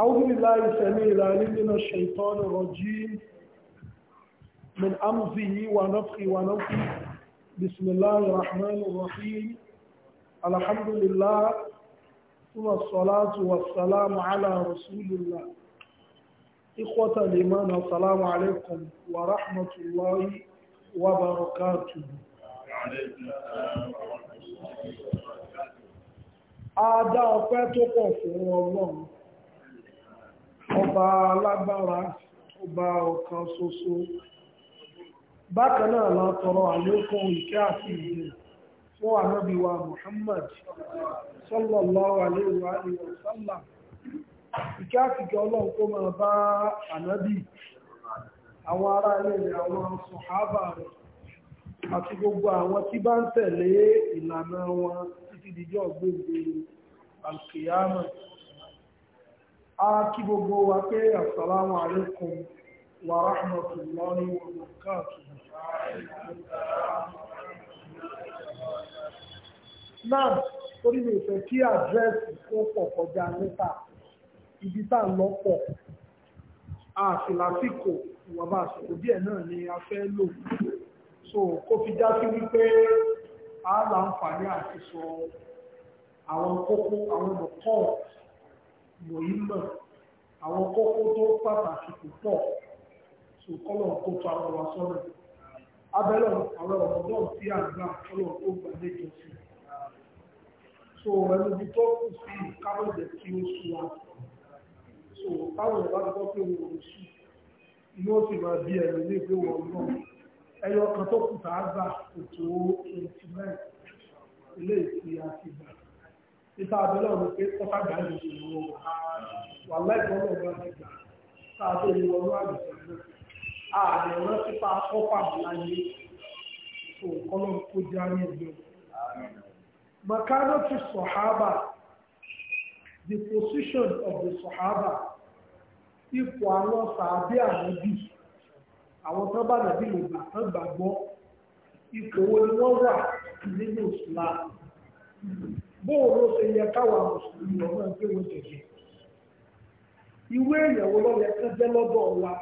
أعوذ بالله السميع العليم من الشيطان الرجيم من أمزه ونفخه ونفخه بسم الله الرحمن الرحيم الحمد لله ثم الصلاة والسلام على رسول الله إخوة الإيمان السلام عليكم ورحمة الله وبركاته Adá ọpẹ́ tó pọ̀ ọba alágbára ọba ọkan ṣoṣo bákan náà la tọrọ àlékún ìkẹ́ àti ìdè fún wa Muhammad sallallahu alayhi wa sallam ìkẹ́ nke ọlọ́run kó máa bá ba àwọn ará ilé rẹ̀ àwọn sọ̀hábà rẹ̀ àti gbogbo àwọn tí bá ń tẹ̀lé ìlànà wọn títí dìjọ́ a kí gbogbo wa pé assalamu alaikum wa rahmatullahi wa barakatuh náà torí mi ìfẹ́ kí àdírẹ́sì tó pọ̀ kọjá níta ibi tá ń lọ́pọ̀ àfìlásìkò ìwọ̀nba àsìkò díẹ̀ náà ni a fẹ́ lò so kó fi já sí wípé a là ń fàní àti sọ àwọn kókó àwọn ọ̀pọ̀ mọ̀ímọ̀ àwọn kókó tó pàtàkì púpọ̀ so kọ́lọ̀ tó tó àwọn wa sọ́nà abẹ́lọ̀ àwọn ọ̀dọ́ tí a gbà kọ́lọ̀ tó gbà lẹ́jọ sí so ẹnu bí tó kù sí kábọ̀dẹ̀ tí ó sú wa so táwọn ìbá gbọ́ pé wọn ò sú inú ó sì máa bí ẹ̀rọ ní ìgbé wọn náà ẹyọ kan tó kù tá a gbà kò tó 29 ilé ìpìyà ti gbà títà abẹ́lẹ̀ ọ̀rọ̀ pé kọ́tà gbàgbé ìṣòro wọn wà láìpẹ́ ọlọ́run láti gbà tá a tó lè wọnú àgbẹ̀sẹ̀ náà ààrẹ rántí pa kọ́pà láyé tó kọ́lọ́n kó já ní ẹgbẹ́ makaroti sọ̀hábà the position of the sọ̀hábà ipò àwọn sàábé ànábì àwọn tó bá nàbí lè gbà tán gbàgbọ́ ipò wo ni wọ́n wà nínú Islam bóòlù ṣe yẹ káwa mùsùlùmí ọmọ ẹgbẹ́ wọn jẹjẹ ìwé ìyàwó lọ́yẹ kẹ́jẹ́ lọ́dọ̀ wa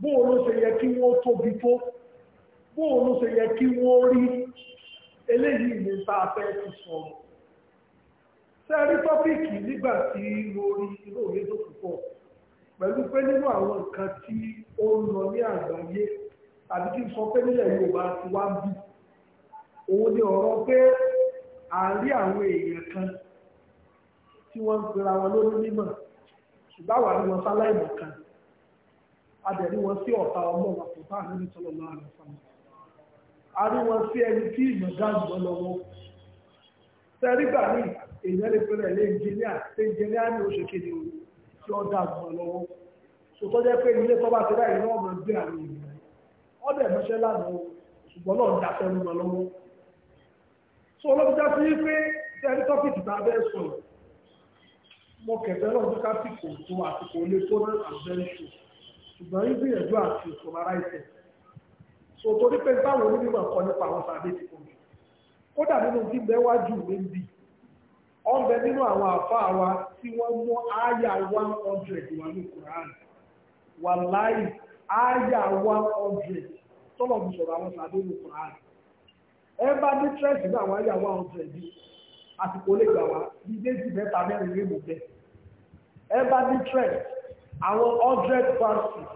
bóòlù ṣe yẹ kí wọ́n tóbi tó bóòlù ṣe yẹ kí wọ́n rí eléyìí ní tá a fẹ́ ti sọ̀rọ̀ sẹ́rí tọ́pìkì nígbà tí mo rí inú òye tó púpọ̀ pẹ̀lú pé nínú àwọn nǹkan tí ó ń lọ ní àgbáyé àbí kí n sọ pé nílẹ̀ Yorùbá ti wá ń òun ni ọ̀rọ̀ pé a rí àwọn èèyàn kan tí wọ́n ń pera wọn lórí mímọ̀ ṣùgbọ́n àwọn àríwọ̀n sáláìmọ̀ kan wọn sí ọ̀tá ọmọ wa kò bá àríwọ̀n sọ̀rọ̀ lọ́wọ́ àrùn sáwọn àríwọ̀n sí ẹni tí ìmọ̀ dáàbò lọ́wọ́ tẹ́rígbà ní èèyàn lè pẹ̀lẹ̀ ilé ìjìnlẹ̀ àti ìjìnlẹ̀ ní oṣù tí dáàbò lọ́wọ́ so tọ́jẹ́ pé ilé tọ́ba ti ráyè náà mọ̀ gbé àwọn èèyàn ọ̀dẹ̀ so olóbìjá sí pé tẹ́rí tọ́pìtì bá bẹ́ẹ̀ sọ mo kẹ̀fẹ́ lọ sí kásìkò tó àsìkò ilé tó náà àbẹ́ṣù ṣùgbọ́n ìgbìyànjú àti ìṣòmara ìṣẹ̀ so torí pé táwọn onímọ̀ kọ nípa àwọn sàbẹ̀ ti kò jù kódà nínú bí mẹ́wájú mi ń bì ọ̀nbẹ nínú àwọn àfáà wa tí wọ́n mú àyà one hundred wà ní Quran wàláì àyà one hundred tọ́lọ̀ mi sọ̀rọ̀ àwọn sàbẹ̀ ní Quran ẹ bá ní tírẹ́sì náà wọ́n yà wá ọ̀sẹ̀ bí àsìkò lè gbà wá bí méjì mẹ́ta mẹ́rin lè mú bẹ́ẹ̀ ẹ bá ní tírẹ́sì àwọn hundred verses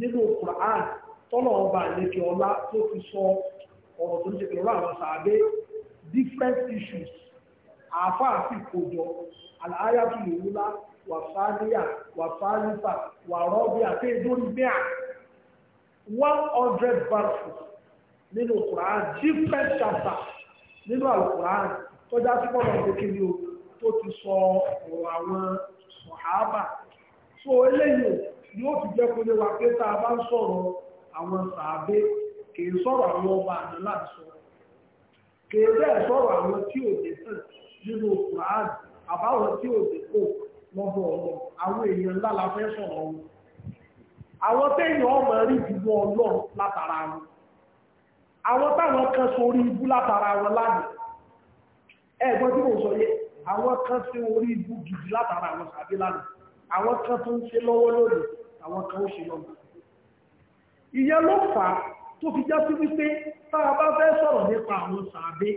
nínú Quran tọ́lọ̀ ọba àlejò ọlá tó fi sọ ọ̀rọ̀ tó ń ṣe pẹ̀lú àwọn sàbẹ̀ different issues àáfàá sì kójọ àlàyàtú ìwúlá wàfáníyà wàfánífà wàrọ́bíà pé lórí bẹ́ẹ̀ one hundred verses nínú Quran different chapter nínú alukuran tó já sí pọ̀ lọ́wọ́ kékeré o tó ti sọ ọ̀rọ̀ àwọn sọ̀hábà so eléyìí yóò fi jẹ́ kó lè wá pé tá a bá ń sọ̀rọ̀ àwọn sàábé kìí sọ̀rọ̀ àwọn ọba àná láti sọ kìí bẹ́ẹ̀ sọ̀rọ̀ àwọn tí ò dé tàn nínú Quran àbáwọn tí ò dé kò lọ́dọ̀ ọ̀lọ́ àwọn èèyàn ńlá la fẹ́ sọ̀rọ̀ wọn àwọn téèyàn ọmọ rí jùlọ ọlọ́run látara wọn àwọn táwọn kan so orí ibú látara wọn lánàá ẹ̀gbọ́n tí mo sọ yé àwọn kan sí orí ibú gidi látara àwọn sàbí lánàá àwọn kan tó ń ṣe lọ́wọ́ lónìí àwọn kan ó ṣe lọ́wọ́ ìyẹn ló fà á tó fi já sí wípé tá a bá fẹ́ sọ̀rọ̀ nípa àwọn sàbí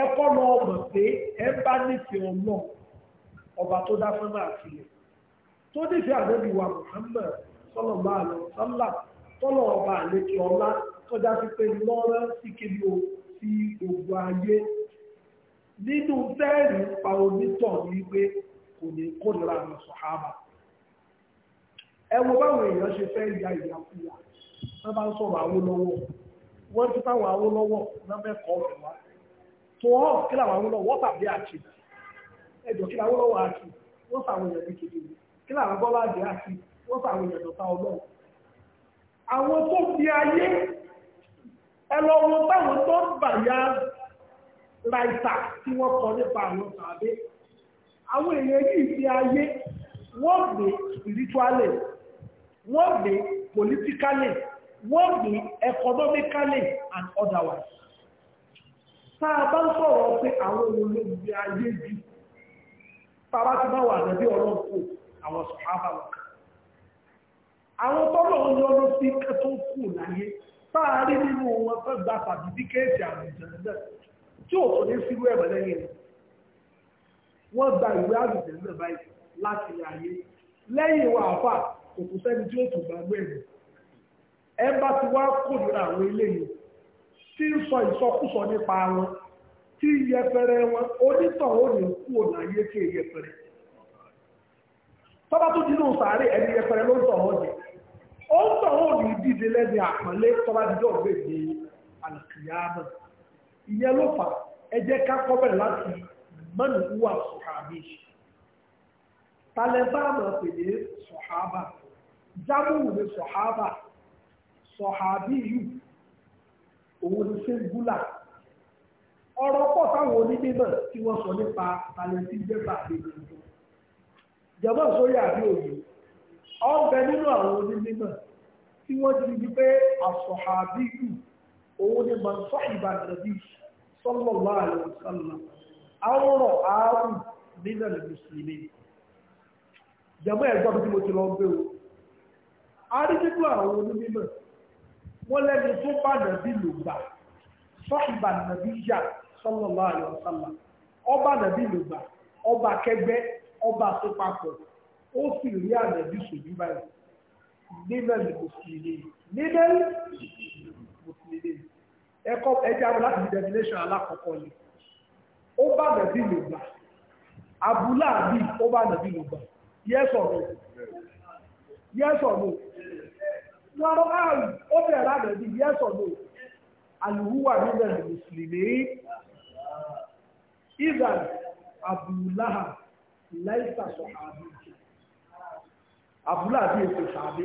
ẹ kọ́ lọ ọmọ pé ẹ bá nífẹ̀ẹ́ ọlọ́ ọba tó dá fún náà sílẹ̀ tó nífẹ̀ẹ́ àdébìwà Muhammad sọlọ́ọ̀bá àlọ́ sọlá tọ́lọ̀ ọba àlejò ọlá kọjá sí pé lọ́rọ́ sí kiri o sí gbogbo ayé nínú tẹ́ẹ̀rì pa onítọ̀ ní pé kò ní kórìíra àwọn sọ̀hábà ẹ wo báwọn èèyàn ṣe fẹ́ ya ìyá fún wa wọ́n bá ń sọ̀rọ̀ Awólọ́wọ̀ wọ́n ti táwọn Awólọ́wọ̀ lọ́mẹ́kọ̀ọ́ fún wa tó hàn kí làwọn Awólọ́wọ̀ tàbí àti ẹjọ́ kí làwọn Awólọ́wọ̀ àti wọ́n sàwọn èèyàn ní kejì kí làwọn Bọ́lá àti wọ́n sàwọn èèyàn dọ̀tá Ọlọ́run àwọn tó fi ayé ẹlọ́wọ́ báwọn tó ń bà ya raita tí wọ́n kọ nípa àwọn tàbí àwọn èèyàn yìí fi ayé wọ́n gbé spiritually wọ́n gbé politically wọ́n gbé economically and otherwise tá a bá ń sọ̀rọ̀ pé àwọn olóògbé ayé jù tàbá ti máa wà nẹ́bí ọlọ́pọ̀ àwọn sọ̀hábà wọn àwọn tọ́lọ̀ ń yọ́nú sí kẹtọ́ kù láyé táàrí nínú wọn tó gba sàbídíkéètì àrùn ìjẹ̀lẹ̀ tí ò tó ní sírú ẹ̀rọ lẹ́yìn rẹ̀ wọ́n gba ìwé àrùn ìjẹ̀lẹ̀ báyìí láti ayé lẹ́yìn ìwà àfà kò tó sẹ́ni tí ó tó gbàgbé rẹ̀ ẹ bá ti wá kórìíra àwọn eléyìí tí ń sọ ìsọkúsọ nípa wọn tí yẹpẹrẹ wọn onítàn ó ní kú ọ̀nà ayé tí yẹpẹrẹ tọ́ba tó dínú sàárè ẹni yẹpẹrẹ ló ń tọ̀ ọ́ jẹ ó ń tọ̀ ó ní dídé lẹ́ni àpọ́nlé tọ́lá dídé ọ̀gbẹ́ ìdè àlùkìyàmọ̀ ìyẹn ló fà ẹ jẹ́ ká kọ́ bẹ̀rẹ̀ láti mọ́nù wúwà sọ̀hábì talẹ̀ bá mọ̀ pé ní sọ̀hábà jámùwù ní sọ̀hábà sọ̀hábì yù òun ní sẹ́ńgúlà ọ̀rọ̀ pọ̀ táwọn onímọ̀ tí wọ́n sọ nípa talẹ̀ tí jẹ́ bàbá ìgbìmọ̀ jọ̀bọ́ sórí àbí òyìnbó ọ̀bẹ nínú àwọn onímọ̀ tí wọ́n ti di pé òun ni ìbàdàbí àwòrán nínú ẹ̀lẹ́ mùsùlùmí ẹ̀gbọ́n tí mo ti lọ gbé o a rí nínú àwọn wọ́n lẹ́ni tó bá nàbí gbà sọ ìbàdàbí yà sallallahu alaihi wasallam ọba nàbí lò gbà ọba kẹgbẹ́ ọba tó papọ̀ ó sì rí ànàbí ṣojú báyìí nílẹ̀ mùsùlùmí nílẹ̀ mùsùlùmí ẹ̀kọ́ ẹ̀jẹ̀ àwọn láti definition alákọ̀ọ́kọ́ ni ọba bá ànàbí lò gbà abúlé àbí ó yes or no yes or no lọ́rọ̀ àrùn ó bẹ̀rẹ̀ ànàbí yes or no àlùwúwà nílẹ̀ mùsùlùmí àbúlà bí èso sàbí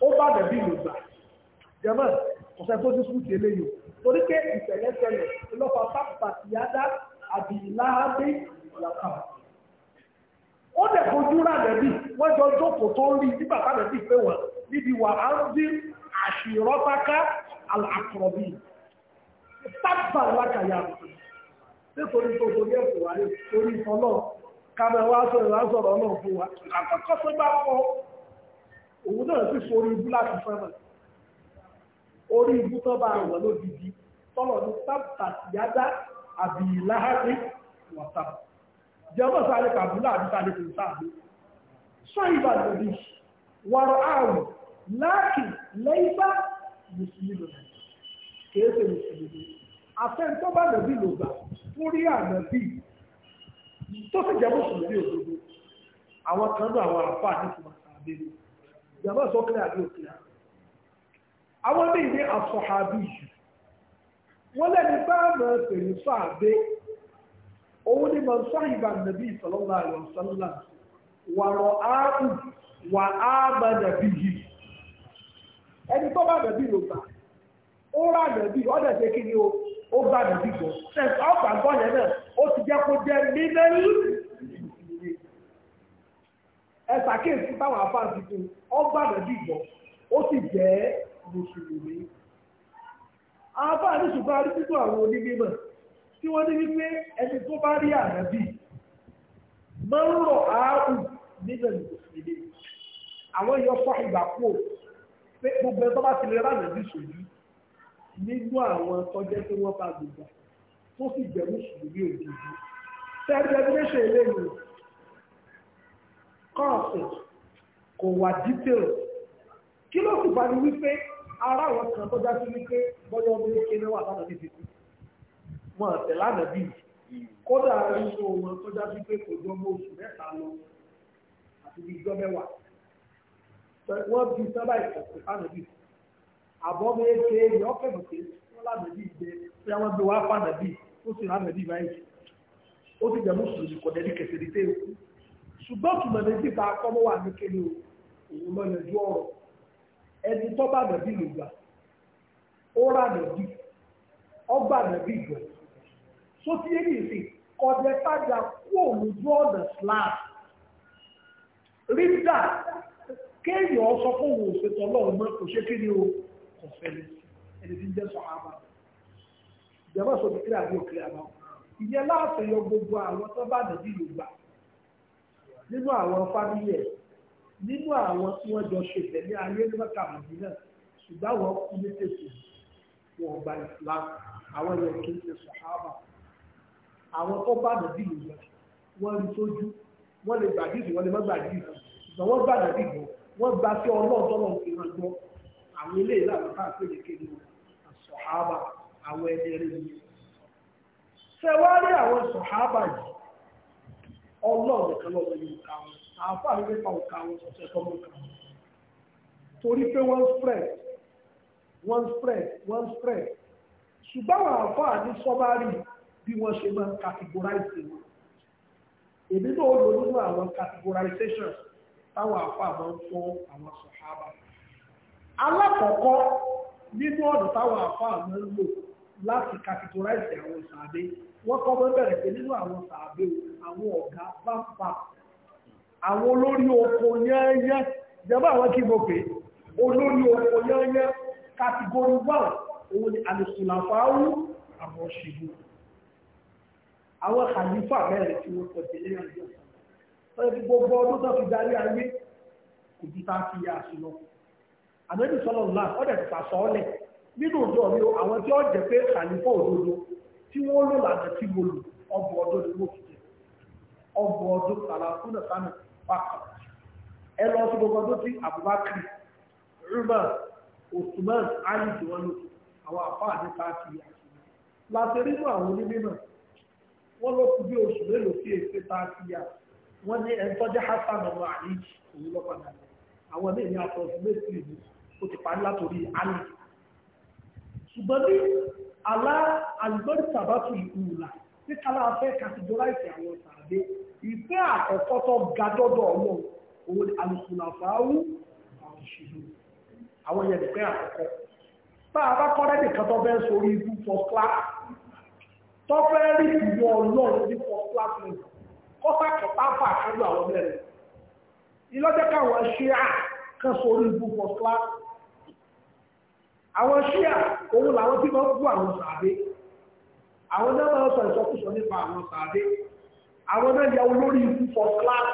ó bá dẹ̀bí ìlògbà jẹ́mọ̀ ọ̀sẹ̀ tó ti sùn ti eléyìí torí pé ìṣẹ̀lẹ̀ ṣẹlẹ̀ lọ́fà pápá ti yáda àbí láhábé làkà ó dẹ̀ fojú rà dẹ̀bí wọ́n jọ jókòó tó ń rí ní bàbá dẹ̀bí pé wọ́n níbi wà á ń dín àṣìrọ́táká àkọ̀rọ̀bí pápá làkà yàtọ̀ nítorí tó torí ẹ̀kọ́ wà ní torí ìtọ́lọ́ọ̀ kàmẹ́ wá sọ̀rọ̀ wá sọ̀rọ̀ náà fún wa akọ́kọ́ tó bá kọ́ òun náà sì forí ibú láti fẹ́mọ̀ orí ibú tó bá wọ̀ lódìdí tọ́lọ̀ ní sábà tìyádá àbí láhàbí wọ̀tá jẹ́mọ́ sáré kàbúlà àbí sáré kò sáàbí sọ́yìnbà lòdì wọ̀rọ̀ àrùn láàkì lẹ́yìnbá mùsùlùmí kìí ṣe mùsùlùmí àfẹ́ tó bá lòdì lògbà fúrí àmọ́ bíi tó sì jẹ́ mùsùlùmí òdodo àwọn kan náà àwọn àpá àdéhùn àbẹ́ ìjàmbá sọ́kẹ́ àbí òkè àwọn ní ìdí àsọ̀hábí yìí wọ́n lẹ́ni bá máa pèrè fáàbẹ́ òun ni mọ̀ sáyìnbà nàbí ìsọ̀lọ́lá àlọ́sọ́lá wà rọ̀ áàbù wà áàbà nàbí yìí ẹni tó bá nàbí ló gbà ó rà nàbí ọ̀dẹ̀ ṣe kí ni ó gbà nàbí gbọ́ ṣe ọgbà gbọ́ yẹn náà ó ti jẹ́ kó jẹ́ mílẹ́lì ẹ ṣàkíyèsí táwọn afáàsì tó ọ gbàgbọ́ dìgbọ́ ó sì jẹ́ mùsùlùmí afáàsì ṣùgbọ́n arísítò àwọn onímọ̀ tí wọ́n ní wípé ẹni tó bá rí ànábì máa ń rọ̀ áàrùn nínú ìmùsùlùmí àwọn èèyàn fọ́ ìgbà kú pé gbogbo ẹ̀ tó bá ti lè rà nàbí ṣòyí nínú àwọn tọ́jẹ́ tí wọ́n bá gbogbo tó sì jẹ́ mùsùlùmí òjijì tẹ́gbẹ́gbẹ́sẹ̀ eléyìí kọ́ọ̀sì kò wà dítèl kí ló sì bá ní wípé ara àwọn kan tó dá sí wípé bọ́yọ́ ọmọ eke náà wà lánàá níbi kú wọn àtẹ̀ lánàá bíi kódà ara nínú wọn tó dá sí pé kò jọ ọmọ oṣù mẹ́ta lọ àti bíi jọ mẹ́wàá wọ́n bí sábà ìkọ̀sí lánàá bíi àbọ̀ ọmọ eke yọ̀ọ́kẹ̀mọ̀kẹ́ lánàbí jẹ pé àwọn gbé wá fànàbí ó sì lánàbí báyìí ó ti jẹ mùsùlùmí kọ̀ dẹ́ni kẹsẹ̀ ní tẹ́ òkú ṣùgbọ́n tùmọ̀ méjì bá kọ́mọ́ wà ní kéde òun lọ yẹjú ọ̀rọ̀ ẹni tó bá nàbí lè gbà ó rà nàbí ọgbà nàbí gbà sótí èyí sì kọjá padà kú òun ju ọ̀nà slav rídà kéèyàn sọ fún òun òṣètò ọlọ́run mọ́ kò ṣe kí ni o kò fẹ́ lè sí ẹni tí ń jẹ́ sọ̀hábà ìjọba sọ̀rọ̀ kílẹ̀ àbí òkèlè àbá ìyẹn láàfin yọ gbogbo àwọn tó bá dàbí yorùbá nínú àwọn fámìlì ẹ̀ nínú àwọn tí wọ́n jọ ṣe tẹ̀lé ayé ní mọ́tàmùdí náà ṣùgbọ́n àwọn kú ní tètè wọn gba ìsìlámù àwọn yẹn kì í ṣe sọ̀hábà àwọn tó bá dàbí yorùbá wọ́n rí sójú wọ́n lè gbàdí ìsìn wọ́n lè má gbàdí ìsìn ṣùgbọ́n sọ̀hábà àwọn ẹni rí ni ṣẹwárí àwọn sọ̀hábà yìí ọlọ́run kan lọ́wọ́ yìí ká wọn àáfàá ní pípa òkà wọn ṣọ̀ṣẹ́ tó spread wọ́n spread wọ́n spread ṣùgbọ́n àwọn àáfàá ní sọ́márì bí wọ́n ṣe máa ń categorize categorization táwọn àáfàá máa ń fún àwọn sọ̀hábà alákọ̀ọ́kọ́ nínú ọ̀nà táwọn àfáà máa ń lò láti categorize àwọn sàábé wọ́n kọ́ mọ́ bẹ̀rẹ̀ pé nínú àwọn sàábé àwọn ọ̀gá bá pa àwọn olórí oko yẹ́ẹ́yẹ́ ìjọba àwọn kí mo pè olórí oko yẹ́ẹ́yẹ́ category one òun ni àlùsùlàfáàwù àwọn ṣìbù àwọn kàlífà mẹ́rin tí wọ́n pọ̀ tẹ̀lé àjọ sọ́yẹ́ gbogbo ọdún tó fi darí ayé kò ju tá a fi yà sí lọ́kùn àmẹ́bí sọ́lọ̀ ńlá ọ̀dẹ̀ ti sàsọ́ọ́lẹ̀ nínú ọjọ́ mi àwọn tí ó jẹ́ pé àlùfọ́ òdodo tí wọ́n lò lànà tí mo lò ọgbọ̀n ọdún ni mo fi jẹ ọgbọ̀n ọdún tàlàkùnà sánà pàkà ẹ lọ sí gbogbo ọdún tí Abubakar Umar Usman Ali tí wọ́n lò àwọn àfáà ní káàkiri àti láti nínú àwọn onímọ̀ wọ́n lọ kú bí oṣù mélòó sí èsì káàkiri àti wọ́n ní ẹ̀ńtọ́jà Hasan ọmọ àlíjì òun lọ́pàá náà àwọn ilé ìyá àtọ̀sí méjì nìyí ó ti parí látòrí alì ṣùgbọ́n ní alá alìgbọ́dì sàbátù ìhùlà tí kálá afẹ́ categorize àwọn sàbẹ́ ìfẹ́ àkọ́kọ́ tó ga dọ́dọ̀ ọlọ́run òun ni alùsùnà fàáwù àwọn ìṣèlú àwọn yẹn ìfẹ́ àkọ́kọ́ tá a bá kọ́ rẹ́dì tó fẹ́ sórí ibú first class tó fẹ́ rí ìwọ ọlọ́run ní first class level kọ́sà kẹta fà kẹ́lú àwọn mẹ́rin ìlọ́jẹ́ káwọn ṣe à kan sórí ibú first class àwọn ṣíà òun làwọn tí wọ́n bú àwọn sàádé àwọn náà máa sọ ìsọkúsọ nípa àwọn sàádé àwọn náà ya olórí ikú for class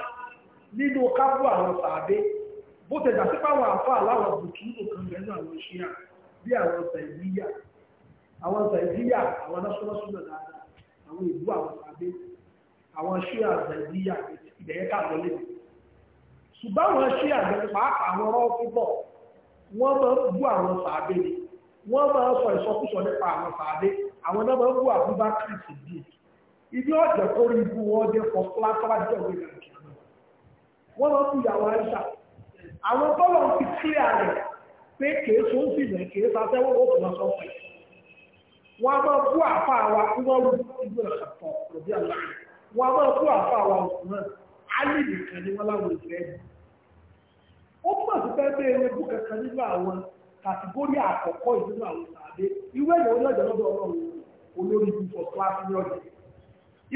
nínú kábù àwọn sàádé bó tẹ̀jà sí pàwọn àfọ́ àláwọ̀ bùkú òkan mẹ́nu àwọn ṣíà bí àwọn sàìdíyà àwọn sàìdíyà àwọn national dáadáa àwọn ìlú àwọn sàádé àwọn ṣíà sàìdíyà ìdẹ̀yẹ́kà lọ́lẹ̀ ṣùgbọ́n àwọn ṣíà gbẹ̀rẹ̀ pàápàá àwọn ọ̀rọ̀ fúbọ̀ọ̀ wọ́n máa ń bú àwọn sàábé ni wọ́n máa ń sọ ìsọkúsọ nípa àwọn sàábé àwọn náà máa ń bú Abubakar Siddiq ibi ọ̀jẹ̀ tó rí ibú wọn dé fọ fúlátọ́lá jẹ́ òwe nàìjíríà wọ́n máa ń bú ìyàwó Aisha àwọn tọ́lọ̀ ti kílíà rẹ̀ pé kèé tó ń fìlẹ̀ kèé sasẹ́wọ́ ó fún ọsọ pẹ̀ wọ́n a máa bú àfa àwa kúmọ́rù wọ́n a máa bú àfa àwa ó túmọ̀ sí pé pé ewu kankan nínú àwọn kàtígórì àkọ́kọ́ ìdúró àwọn ìpàdé irú ẹ̀yọ́ olóòjọ́ lọ́dọ̀ ọlọ́run olórí ìfọ̀ tó á fún ọjọ́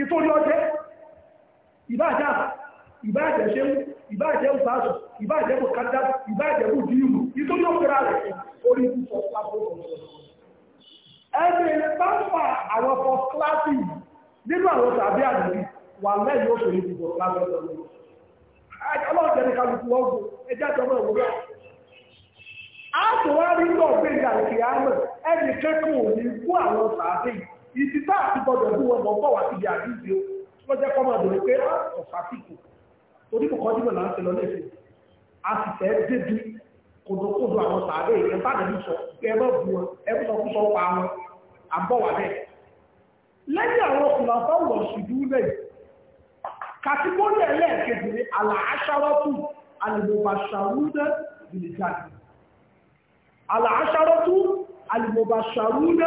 ìtòrí ọjẹ́ ìbájá ìbájẹ́ ṣe ìbájẹ́ òṣàṣù kò kájá kò ìlú rẹ̀ orí ọjọ́ ẹgbẹ́ nínú àwọn àdúgbò wà lẹ́yìn ó ṣe ọlọ́run ọlọ́run jẹ́ ẹjá tọmọ ìwúrọ̀ a lọ gbé ìyàlùkì àmọ̀ ẹnì kẹ́kọ̀ọ́ òní kú àwọn sàáfẹ́ ìdí tá àti gbọdọ̀ bú wọn bọ̀ wá síbi àdúgbò wọ́n jẹ́ kọ́mọ àdúgbò pé ah, ọ̀fà tìkù torí kò kọ́jú mọ̀ láti lọ lẹ́sẹ̀ a sì fẹ́ débi kòdòkòdò àwọn sàáfẹ́ ìyẹn bá dẹ̀ sọ pé ẹ bá bu wọn ẹ bá sọ pa wọn àbọ̀ wà bẹ́ẹ̀ lẹ́yìn àwọn ọkùnrin àbáwọ̀ ṣùdú lẹ́yìn kàtíkórì ẹlẹ́ẹ̀kejì ni àlàáṣáwọ́ alìmọ̀bàṣàrúnà bìlìjáde àlàáṣàrọ́tú alìmọ̀bàṣàrúnà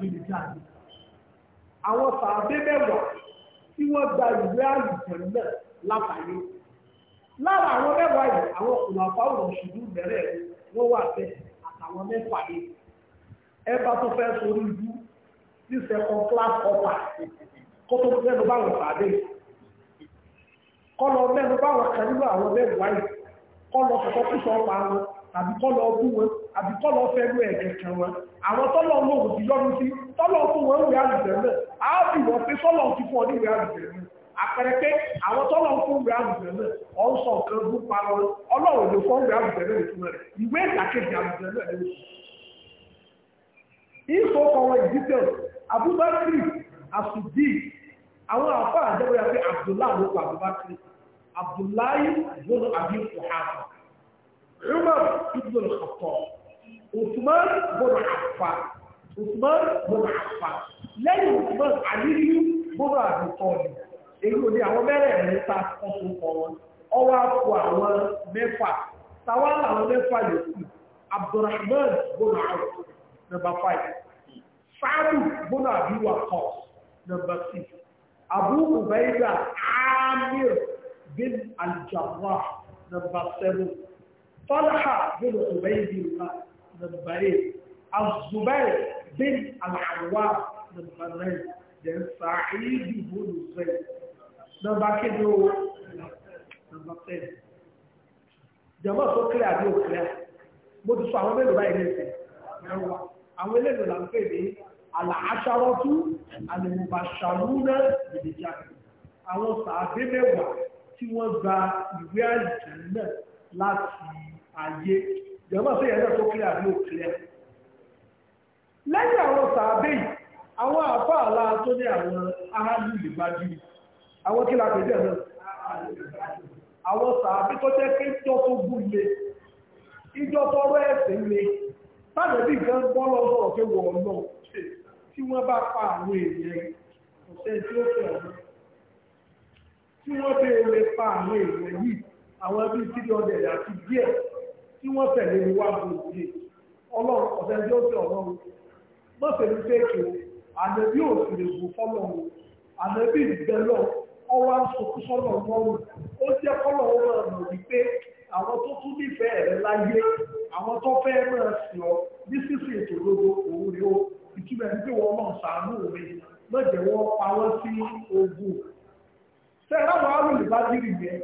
bìlìjáde àwọn sàábé mẹ́wàá tí wọ́n gba ìwé àlùjẹ̀ náà látàyè lára àwọn mẹ́wàá yìí àwọn kùlàfà ọ̀rọ̀ ṣùgbọ́n bẹ̀rẹ̀ wọ́n wà bẹ́ẹ̀ àtàwọn mẹ́fà yìí ẹ bá tó fẹ́ sórí ibú ní second class upper kó tó mẹ́nu báwọn sàábé kọ́ lọ mẹ́nu báwọn kan nínú àwọn mẹ́wàá yìí kọ́ lọ sọ̀tọ́ kú sọ pa wọn àbí kọ́ lọ bú wọn àbí kọ́ lọ fẹ́ lú ẹ̀jẹ̀ kan wọn àwọn tọ́lọ̀ ń lòun ti yọ́nu sí tọ́lọ̀ fún wọn ìwé àlùfẹ́ náà á bì wọ́n pé sọ́lọ̀ ti fún ọ ní ìwé àlùfẹ́ náà àpẹẹrẹ pé àwọn tọ́lọ̀ ń fún ìwé àlùfẹ́ náà ọ̀ ń sọ nǹkan bú pa wọn ọlọ́run ló fún ìwé àlùfẹ́ náà ìtumọ̀ rẹ̀ ìwé ìdàkejì àlùfẹ́ náà ló ìsọ kọ̀wọ̀ ìdíkẹ̀ Abubakar Asudi àwọn àfáà jẹ́ yà pé Abdullahi ló pa Abubakar abdullahi gbọ́dọ̀ àbí ọ̀hánà umar ibùdó ọ̀pọ̀ usman gbọ́dọ̀ àfà usman gbọ́dọ̀ àfà lẹ́yìn usman aliyu gbọ́dọ̀ àbí tọ́lì èyí ò ní àwọn mẹ́rẹ̀ mẹ́ta ọ̀tún kọ wọn ọwọ́ àpò àwọn mẹ́fà táwọn àwọn mẹ́fà yòókù abdulrahman gbọ́dọ̀ àwọn number five sáàdù gbọ́dọ̀ àbí wà number six abu ubaida amir bin al-Jarrah, number seven. Talha bin Ubaidillah, number eight. الزبير بن العوام number nine. Then Sa'id bin Zayd. Number kilo, number ten. Jọ̀wọ́ tó kílẹ̀ àbí òkìlẹ̀. Mo ti sọ àwọn mélòó báyìí lẹ́sẹ̀. Àwọn eléyìí là ń pè ní àlàáṣárọ́tú àlèmùbàṣàlú náà ìdíjà. Àwọn sàbí mẹ́wàá tí wọ́n gba ìwé àìsàn náà láti ayé ìjọba sí ẹ̀rọ tó kílẹ̀ àbí òkìlẹ̀ lẹ́yìn àwọn sàábé àwọn àfá àlá tó ní àwọn aráàlú ìbájú àwọn kí la pèjẹ́ náà àwọn sàábé tó jẹ́ pé jọ tó gúnlé ìjọ tọrọ ẹ̀sìn le tábẹ̀ bí nǹkan bọ́lọ̀ sọ̀rọ̀ pé wọ̀ ọ́ náà tí wọ́n bá pa àwọn èèyàn ọ̀sẹ̀ tí ó fẹ́ ọ̀rọ̀ tí wọ́n bèèrè lè pa àwọn èèyàn yìí àwọn ẹbí three hundred àti díẹ̀ tí wọ́n tẹ̀lé ní wá bò sí ọlọ́run ọ̀sẹ̀ tí ó ti ọlọ́run mọ́sẹ̀ ní fẹ́ẹ̀kì ànẹ́bí ò sì lè bù fọ́lọ́run ànẹ́bí ìgbẹ́lọ́ ọwọ́ àṣokú sọ́nà ọlọ́run ó jẹ́ kọ́lọ̀ ọmọ ọ̀nà wípé àwọn tó tún nífẹ̀ẹ́ rẹ láyé àwọn tó fẹ́ máa sìn ọ nísinsìnyí ètò gbogbo òun ni ó ìtumọ̀ ẹni pé wọ́n náà sàánú òun mọ̀jẹ̀wọ́ pa wọ́n sí ogun ṣe ráwọn arúgbó bá dìrì yẹn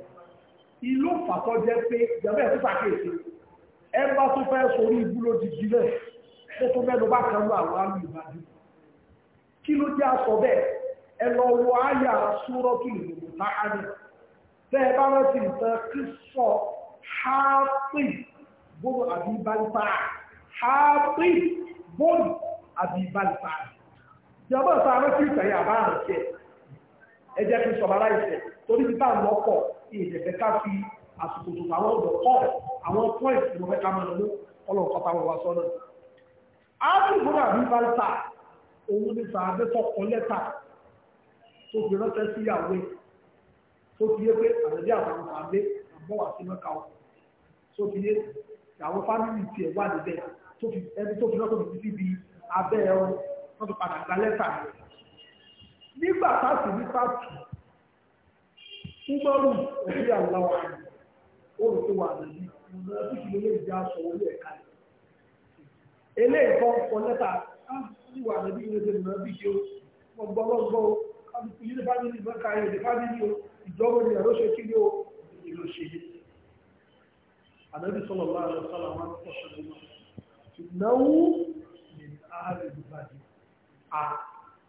ìlú fàtọ́ jẹ́ pé ìjàmbá ẹ̀ tó sàkéèsì ẹ bá tó fẹ́ sórí ibú ló di jílẹ̀ tó tó mẹ́nu bá kan lọ àwọn arúgbó bá dìrì kí ló jẹ́ aṣọ bẹ́ẹ̀ ẹ lọ wọ àyà sórọ́ kí lè lò tá a ní bẹ́ẹ̀ bá rántí nǹkan kí sọ hápì bóun àbí balùbá hápì bóun àbí balùbá ìjàmbá sọ arántí ìtàyà bá àrùn jẹ́ ẹ jẹ́ kí n sọ̀rọ̀ aláìsẹ̀ torí ti bá ń lọ́pọ̀ ìdẹ̀fẹ́ ká fi àsìkò tó àwọn ọ̀dọ̀ kọ́ àwọn point mo fẹ́ ká máa lọ ọlọ́run kọ́ta wọn wá sọ́nà. áàbù fúnra mi bá ń ta òun ní sàádé tọkọ lẹ́tà tó fi ránṣẹ́ sí ìyàwó tó fi yé pé àdàdé àwọn sàádé àbọ̀ wà sí mẹ́ka ọ̀ tó fi yé àwọn fámìlì tiẹ̀ wà níbẹ̀ ẹni tó abẹ́ ẹ̀rọ wọ́n padà gba lẹ́tà rẹ̀ nígbà táàsì ní pàtó ńgbọ́rù ẹ̀rí àláwọ̀ àná òun tó wà nàbí ọ̀nà ẹ̀fíkì ló lè já aṣọ wọlé ẹ̀ka rẹ̀ eléyìí kan kọ lẹ́tà wà nàbí ilé ṣe nàbí bíkí o wọ́n gbọ́ wọ́n gbọ́ o kábíkì yìí bá nílùú ìbọn káyọ̀ ìdí bá nílùú ìjọba ni ẹ̀rọ ṣe kí ni o ìlú ṣe yé ànábì sọlọ bá àlọ sọlọ àwọn akọ̀ṣọ́ ìnáwó ní ààrẹ ìbàdí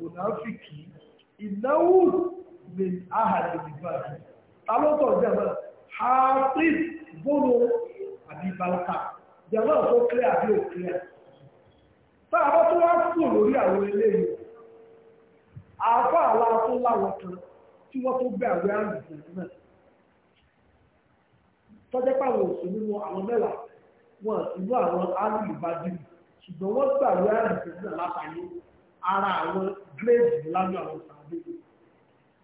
mùnàfíkì ìnáwó lè áhàlẹ̀ ìgbà rẹ̀ talótọ̀ jẹ́mọ́ hafiz bónú àbí balka jẹ́mọ́ tó clear àbí ò clear tá a bá tó wá kúrò lórí àwọn eléyìí àáfà aláàtún láwọn kan tí wọ́n tó bẹ àwẹ̀ àrùn ìgbà náà tọ́jẹ́ ara àwọn gírèdì lájú àwọn sàbẹ̀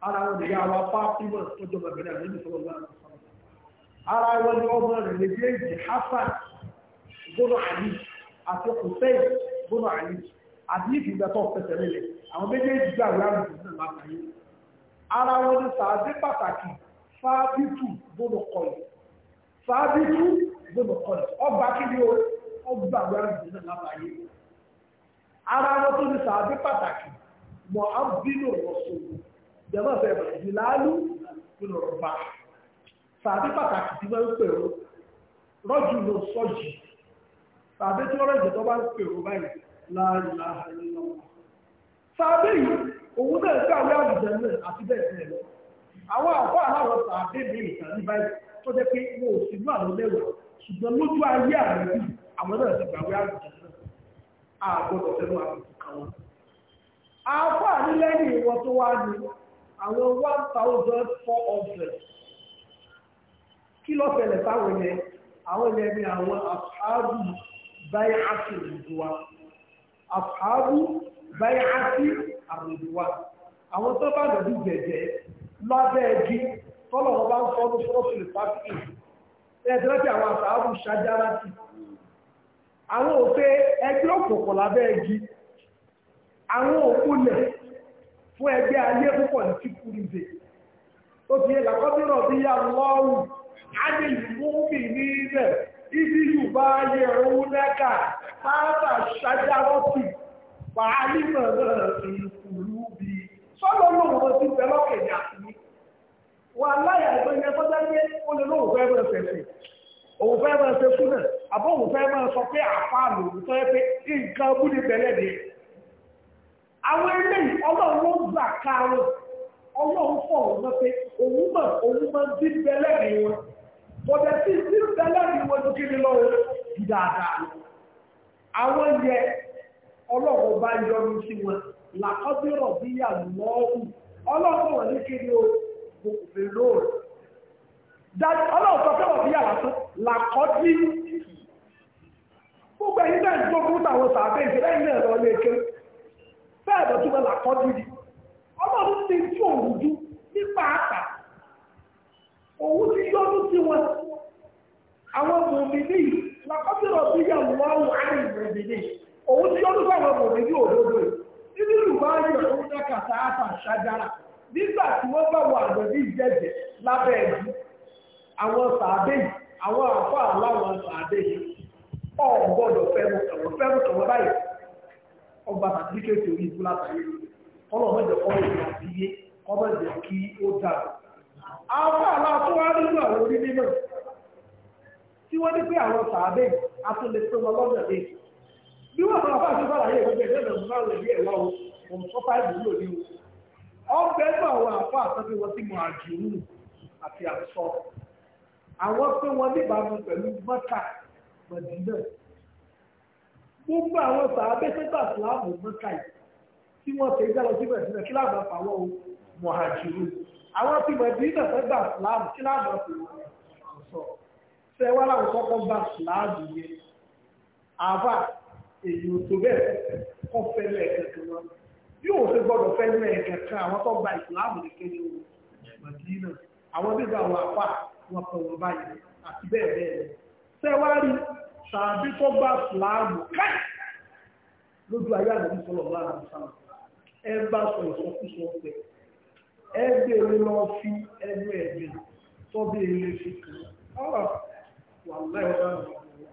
ara wọn nìyá wa Fátímà tọ́jú ọmọbìnrin àti ara wọn ni ọmọ rẹ̀ méjèèjì Hasan gbọ́dọ̀ àlì àti Hussein gbọ́dọ̀ àlì àti ìfìgbà tó fẹsẹ̀ àwọn méjèèjì gbà náà ara ni pàtàkì fábítù fábítù ọba kí ni ó náà ara wọn tó ní sàábí pàtàkì mọ̀ á bínú ọ̀sọ̀ jẹ́mọ́ fẹ́ bẹ̀rẹ̀ ìlàlú nínú ọ̀rọ̀bá sàábí pàtàkì tí wọ́n ń pè ó rọ́jù ló sọ́jì sàábí tí wọ́n rẹ̀ tó bá ń pè ó báyìí láàrin láàrin lọ́wọ́ sàábí yìí òun náà ń gbàwé àbùjẹ náà àti bẹ́ẹ̀ bẹ́ẹ̀ lọ àwọn àbọ̀ aláwọ̀ sàábí mi ìtàn ní báyìí tó jẹ́ pé wọn ò sí inú àwọn mẹ́wàá ṣùgbọ́n lójú ayé àwọn àwọn náà ti gbàwé àbùjẹ àgbọ̀dọ̀ fẹ́nu àbùkù kan wọn. àáfàá ní lẹ́yìn ìwọ tó wá ní àwọn one thousand four hundred kí ló fẹlẹ̀ táwọn yẹn àwọn yẹn ní àwọn àfáàbù báyà àti ìdùwà àfáàbù báyà àti àrùdùwà àwọn tó bá dàbí jẹ̀jẹ̀ lábẹ́ ẹgbẹ́ tọ́lọ̀ wọn bá ń fọ́nú fọ́ọ̀sì lè pàṣẹ ẹ̀ẹ́dẹ́gbẹ́ àwọn àfáàbù ṣájára ti àwọn òfé ẹgbẹ́ òkùnkùn lábẹ́ igi àwọn òkúlẹ̀ fún ẹgbẹ́ ayé púpọ̀ ní kíkúrìdè ó ti yẹ làkọ́bírọ̀ bí yà lọ́rù ánìlúmí ní ilẹ̀ ibi yùbá ayé òun lẹ́kà pátá ṣájárọ́tì pàálímọ̀ náà ti kùrú bí sọ́lọ́ lóòrùn ti bẹ̀ lọ́kẹ̀dẹ̀ àti wà láyà ẹgbẹ́ yẹn tọ́jà yẹ ó lè lóòrùn fẹ́ bẹ̀rẹ̀ fẹ̀fẹ̀ òun fẹ́ náà àbọ̀wò fẹ́ máa sọ pé àfáàlù tó yẹ pé nǹkan búdé bẹ̀rẹ̀ ni àwọn ilé ọlọ́run gbà káàrọ̀ ọlọ́run fọ̀rọ̀ náà pé òun mọ̀ òun mọ̀ bí bẹ̀rẹ̀ ni wọn bọ̀dẹ̀ sí sí bẹ̀rẹ̀ ni wọn tó kiri lọ́wọ́ dáadáa àwọn yẹ ọlọ́run bá yọnu sí wọn làkọ́bírọ̀ bí yà lọ́ọ̀rù ọlọ́run wọ̀ ní kiri o kò fèrè lóòrè ọlọ́run sọ pé wọ́n bí yà lásán gbogbo ẹ̀yin náà tó kú tàwọn sàbẹ̀ ìṣẹ̀lẹ̀ yìí náà lọ lé ké lọ túbọ̀ là kọ́ dìdì ọlọ́run ti tí òun dú nípa àtà òun ti yọ́nú sí wọn àwọn yà ti sí àwọn òdodo nínú àtà ṣájára nígbà tí wọ́n bá wọ àgbẹ̀ ní ìjẹ́jẹ́ lábẹ́ ọ̀gbọ́dọ̀ fẹ́rù tọ̀wọ̀ fẹ́rù tọ̀wọ̀ báyìí ọgbà màtíríkèsì orí ikú látàrí ọlọ́mọdé ọ̀rọ̀ ìlú àti iye ọmọdé kí ó dà àwọn aláàtọ́ wá nínú àwọn orí mímọ̀ tí wọ́n ní pé àwọn sàábẹ̀ atúnlẹ̀ tó lọ lọ́dọ̀ lé bí wọ́n àwọn afáàṣẹ sàlàyé ìwọ́jẹ́ ìjọba ìmúnáwó ẹ̀mí ẹ̀wá o òun tó fáì wúlò ní o ọgbẹ́ náà wọ àpá àtọ́bí wọn sí mọ àjùrù àti àṣọ àwọn pé wọn níbàámu pẹ̀lú mọ́ta mọ̀dínà gbogbo àwọn sàábẹ́ sẹ́gbà síláàmù mọ́kà yìí tí wọ́n tẹ̀ gbà lọ sí mọ̀dínà kí láàmú àpàwọ̀ mọ̀hàjìrù àwọn tí mọ̀dínà sẹ́gbà síláàmù kí láàmú àpàwọ̀ sọ ṣe wá láwọn kọ́kọ́ bá síláàmù yẹn àbá èyí ò tó bẹ́ẹ̀ kọ́ fẹ́lẹ̀ kankan wọn yóò ṣe gbọ́dọ̀ fẹ́lẹ̀ kankan àwọn tó gba ìsìláàmù nìkan ní mọ̀dínà àwọn bíbá àwọn àpá wọn kọ wọn báyìí àti bẹ́ẹ̀ bẹ́ẹ̀ lọ ṣe wá rí tàbí tó bá fìlàgbò káì lójú ayé àdàbí sọlọ lára àbúsáwà ẹ bá sọ ìsọkúsọ ọpẹ ẹ bèèrè e lọ fi ẹnu ẹgbẹ tọbi ilé e fi kàn ọ̀rọ̀ ah, wà láì ọdá nà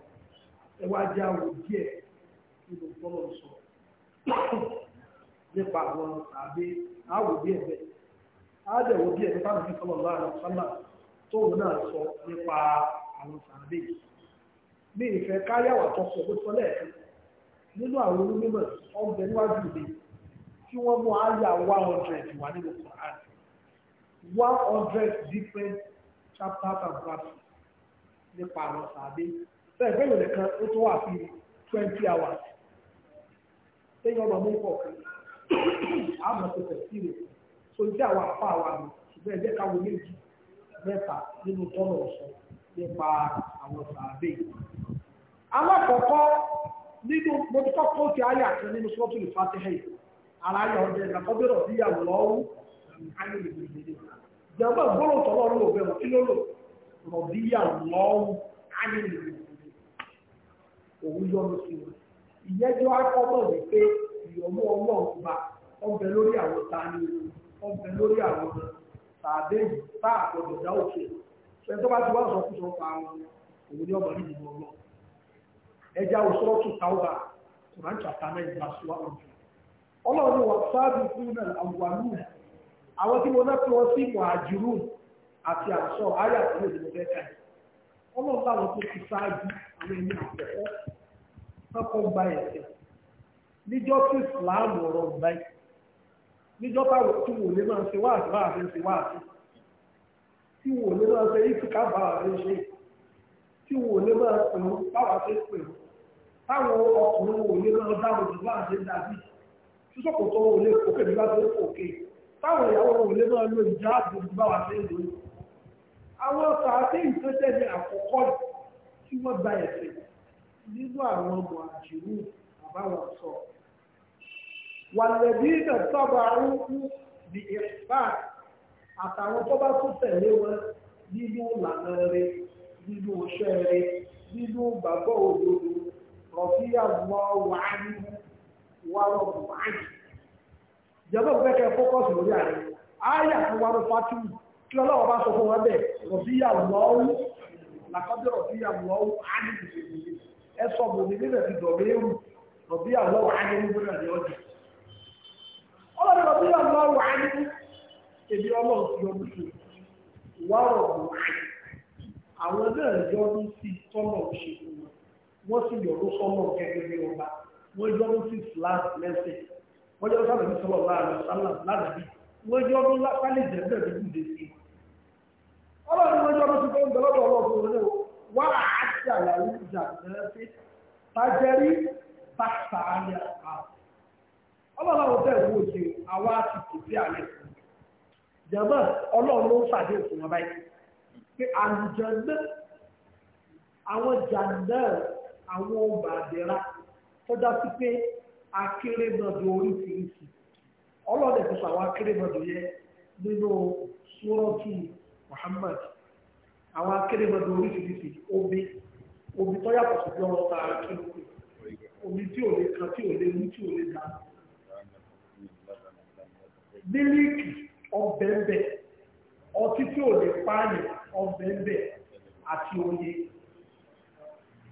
ẹ wá jẹ àwọn díẹ̀ nínú sọlọ sọ nípa àwọn tàbí àwò díẹ̀ bẹ àdẹwò díẹ̀ nípa àdàbí sọlọ lára àbúsáwà tóun náà sọ nípa àwọn tàbí yìí ní ìfẹ́ káyàwó àtọ́sọ̀ tó sọ lẹ́ẹ̀kan nínú àwọn onímọ̀ ọgbẹ́ níwájú mi tí wọ́n mú àyà one hundred wà nínú Quran one hundred different chapters and verses nípa àwọn sàbẹ bẹ́ẹ̀ bẹ́ẹ̀ lòdì kan ó tó wà sí twenty hours téèyàn ọmọ mú pọ̀ kan àmọ̀ tó tẹ̀ sí rẹ̀ so jẹ́ àwọn àpá àwọn àmì ṣùgbọ́n ẹ̀jẹ̀ káwọn méjì mẹ́ta nínú tọ́nà ọ̀sán nípa àwọn sàbẹ alákọ̀ọ́kọ́ nínú mọ́tòkọ́ kóòtù ayé àkàn nínú sọ́tù ìfàtẹ́hẹ́ ara ayé ọ̀dẹ ìràkọ́bẹ̀rọ̀ bí ìyàwó lọ́wọ́ ayé lè gbèrè ìjàmbá gbọ́dọ̀ tọ́lọ́ ló lò bẹ̀rọ̀ kí ló lò rọ̀ bí ìyàwó lọ́wọ́ ayé lè gbèrè òun yọnu sí wọn ìyẹ́jọ́ akọ́bọ̀ wípé ìyọ̀mú ọlọ́run bá ọbẹ̀ lórí àwọn tani ọbẹ̀ lórí àwọn ẹja òṣòro tún tàwùbà kùrán chapter nine verse one ọlọ́run àwùwàlú àwọn tí mo náà fi wọn sí mọ̀hàjírù àti àṣọ àyà tí mo lè fẹ́ ká ọlọ́run láwọn tó ti ṣáájú àwọn ẹni kọ́kọ́ gba ẹ̀sẹ̀ níjọ́ tí ọ̀rọ̀ níjọ́ tí wò máa ṣe ṣe tí wò máa ṣe táwọn ọkùnrin wò lé lọ́nà dáwọn jù bá dàbí ṣúṣọ́kò tó wò lé òkè bí bá tó òkè táwọn ìyàwó wò lé náà lò ìjà ààbò bá wà sí ìlú àwọn ọkọ̀ àti ìfẹ́sẹ̀ ní àkọ́kọ́ tí wọ́n gba ẹ̀sẹ̀ nínú àwọn ọmọ àjìrú àbáwọn sọ wàlẹ̀bí náà sábà ń kú ìfà àtàwọn tó bá tún tẹ̀lé wọn nínú ìlànà rẹ nínú iṣẹ́ rẹ nínú ìgbàgbọ́ rọ̀bí àlọ́ ọrụ á ní wà lọ́wọ́ wà á ní. ìjọba òfin kẹ́ fókọ̀sì lórí ààrẹ ààyà tó wà ló fátìmù kí ọlọ́wọ́ bá sọ fún wọn bẹ́ẹ̀ rọ̀bí àlọ́ làkọ́jọ́ rọ̀bí àlọ́ wà á ní ìṣèlú ẹ sọ bò ní nílẹ̀ ti dọ̀ léèrú rọ̀bí àlọ́ wọ́n sì yọ̀rọ̀ sọ́nà gẹ́gẹ́ bí ọba wọ́n yọ̀rọ̀ sí islam lẹ́sẹ̀ wọ́n yọ̀rọ̀ sábà ní sọ́lọ̀ láàrin sálà lánàbí wọ́n yọ̀rọ̀ lápálẹ̀ jẹ́bẹ̀ ní ìdè sí i. ọlọ́run wọ́n yọ̀rọ̀ sí fún bẹ́lọ́dọ̀ ọlọ́run rẹ̀ wá àti àlàyé ìjà lẹ́sẹ̀ tajẹ́rí bàtà àlẹ́ àpá. ọlọ́run bẹ́ẹ̀ wò ṣe àwa àwọn jàǹdà àwọn ọgbà àdẹ́rà tó dá sí pé akérèmọdò oríṣiríṣi ọlọ́dẹ tó sọ akérèmọdò yẹ nínú súrọ́tù Muhammad àwọn akérèmọdò oríṣiríṣi omi omi tó yàtọ̀ sí ta akérèmọdò omi tí ò lè kan tí ò lè mú tí ò lè dá mílíkì ọbẹ̀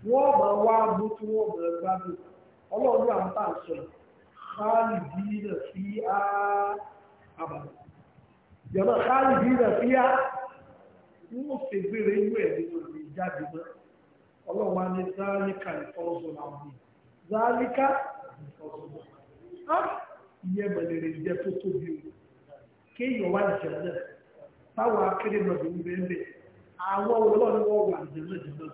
wọ́n ma wá bó tí wọ́n máa gbádùn ọlọ́run à ń sọ fi á fi á gbére inú ẹ̀ nínú mọ́ ọlọ́run á ní zálíkà ìfọ́sọ̀ làwọn yìí zálíkà ìfọ́sọ̀ ìyẹn mọ̀lẹ́rẹ̀ jẹ́ tó tóbi o kéèyàn wá jẹ̀ náà táwọn akérèmọ̀dé ń bẹ́ẹ̀ bẹ́ẹ̀ àwọn wà náà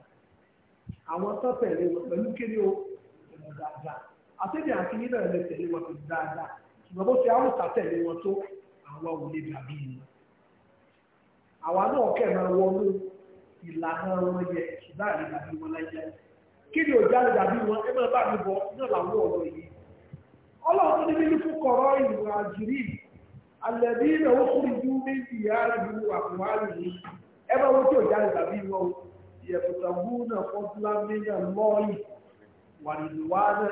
àwọn tó tẹ̀lé wọn pẹ̀lú kéde o pẹ̀lú dáadáa àtẹ̀lé àti yín náà lè tẹ̀lé wọn pẹ̀lú dáadáa ṣùgbọ́n bó ṣe àwòsà tẹ̀lé wọn tó àwa ò lè dàbí wọn. àwa náà kẹ́ máa wọnú ìlànà wọn yẹ ṣùgbọ́n àlè dàbí wọn láyé kéde òjá lè dàbí wọn ẹ máa bá mi bọ náà làwọn ọ̀rọ̀ yìí ọlọ́run ní bí fún kọ̀rọ̀ ìlú àjírí yìí yẹ̀kùtàbúnà fọ́dúnlámínà lọ́ọ̀yì wàlìlúwánà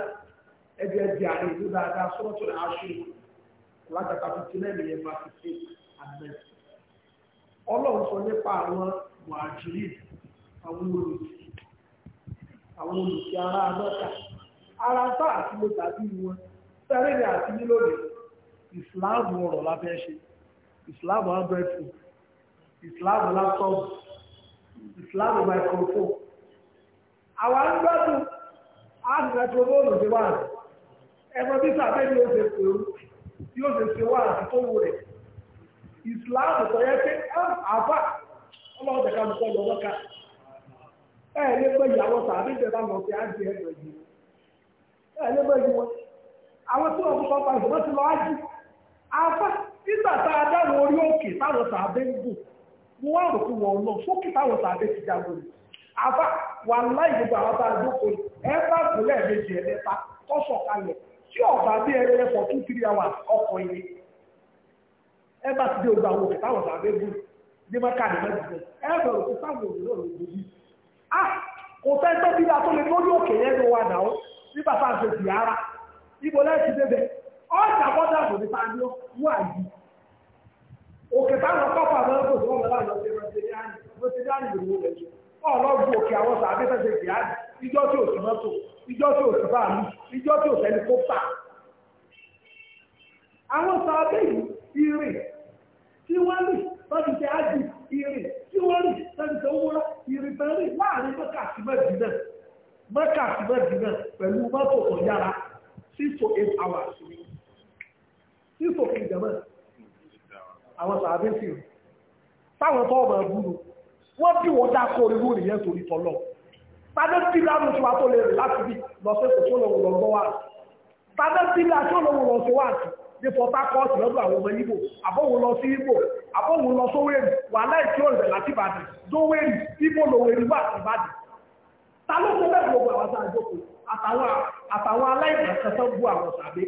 ẹgbẹ́ di àárín ìlú dáadáa sọ́tò aṣọ látàkà fìtí lẹ́nu yẹn bá ti ṣe àgbẹ̀. ọlọ́run sọ nípa àwọn mọ̀àjírí àwọn olùsí àwọn olùsí ara amẹ́ta ara ń bá àti mo dàbí wọn sẹ́rẹ̀lẹ̀ àti nílòdì ìsìláàmù ọ̀rọ̀ lábẹ́ ṣe ìsìláàmù abẹ́fù ìsìláàmù látọ́ọ̀bù Islam microphone. Àwa ń gbádùn ágbẹ̀tọ́lọ́nù ti wà ẹgbẹ́ bí sàbẹ́ ni ó ṣe pèrú tí ó ṣe ṣe wà Islam sọ yẹ pé àbá ọlọ́run tẹ̀ka lùkọ́ lọ́wọ́ ká. Ẹ na lé pé ìyàwó sàbí ìjọba lọ sí àjẹ ẹgbẹ̀ yìí. Ẹ ẹ̀ lé pé ìwọ. Àwọn tí wọ́n fi kọ́ pa ti lọ ájú. tá a òkè táwọn mo wá rò fún wọn lọ sókè táwọn tàbí ti jagun rẹ̀ àbá wà láì gbogbo àwọn bá dóko ẹ bá gbọ́lẹ̀ méjì ẹ̀ẹ́ta tọ́sọ̀ kalẹ̀ tí ọ̀bá bí ẹrẹ ẹ̀fọ́ two three hours ọkọ̀ ilé ẹ bá ti dé ogun àwọn òkè táwọn tàbí gùn ní mẹ́ka ní mẹ́jọ ẹ bẹ̀rù sí táwọn òkè náà lòdì yìí ah kò fẹ́ tó bí dáa tó lè lórí òkè yẹn ló wà náà nígbà tá à ń ṣe tìyára ibo lẹ́ẹ̀tì débẹ̀ ọ̀ọ́dà bọ́dà lòdì tá a òkè táwọn pápá náà kò sọ́wọ́n lọ́la lọ sí mọ́tẹ́díánì mọ́tẹ́díánì lòwò rẹ̀ jù ọlọ́gbọ̀n òkè àwọn sàbẹ́ fẹ́sẹ̀ jì áàdì ìjọ tí ò sí mọ́tò ìjọ tí ò sí báàmù ìjọ tí ò sí ẹlikópà. àwọn sàbẹ́ yìí ìrìn tí wọ́n rì lọ́dún tí áàdì ìrìn tí wọ́n rì lọ́dún tí owó rà ìrìn tán láàrin mọ́kà sí mẹ́dínà mọ́kà sí eight hours six to eight hours àwọn sàbẹ̀ sí rẹ̀ táwọn tó ọmọ ẹ̀bùrù wọ́n bí wọ́n dákọ̀ irú ìyẹn torí tọ́lọ̀ tàbí tí lánàá tí wàá tó lè rìn láti bí lọ́sẹ̀ kò tó lọ́wọ́ lọ́gbọ́ wà tàbí tí lánàá tí ó lọ́wọ́ lọ́sẹ̀ wà sí ní Port Harcourt lọ́dọ̀ àwọn ọmọ Ìgbò àbọ̀wò lọ sí Ìgbò àbọ̀wò lọ sówérì wà láìsí ọ̀rẹ́ láti Ìbàdàn dówérì Ìgbò lòwérì wà sí Ìbàdàn ta ló tó bẹ́ẹ̀ gbogbo àwọn àjọkò àtàwọn aláìsàn kan tó bú àwọn sàbẹ̀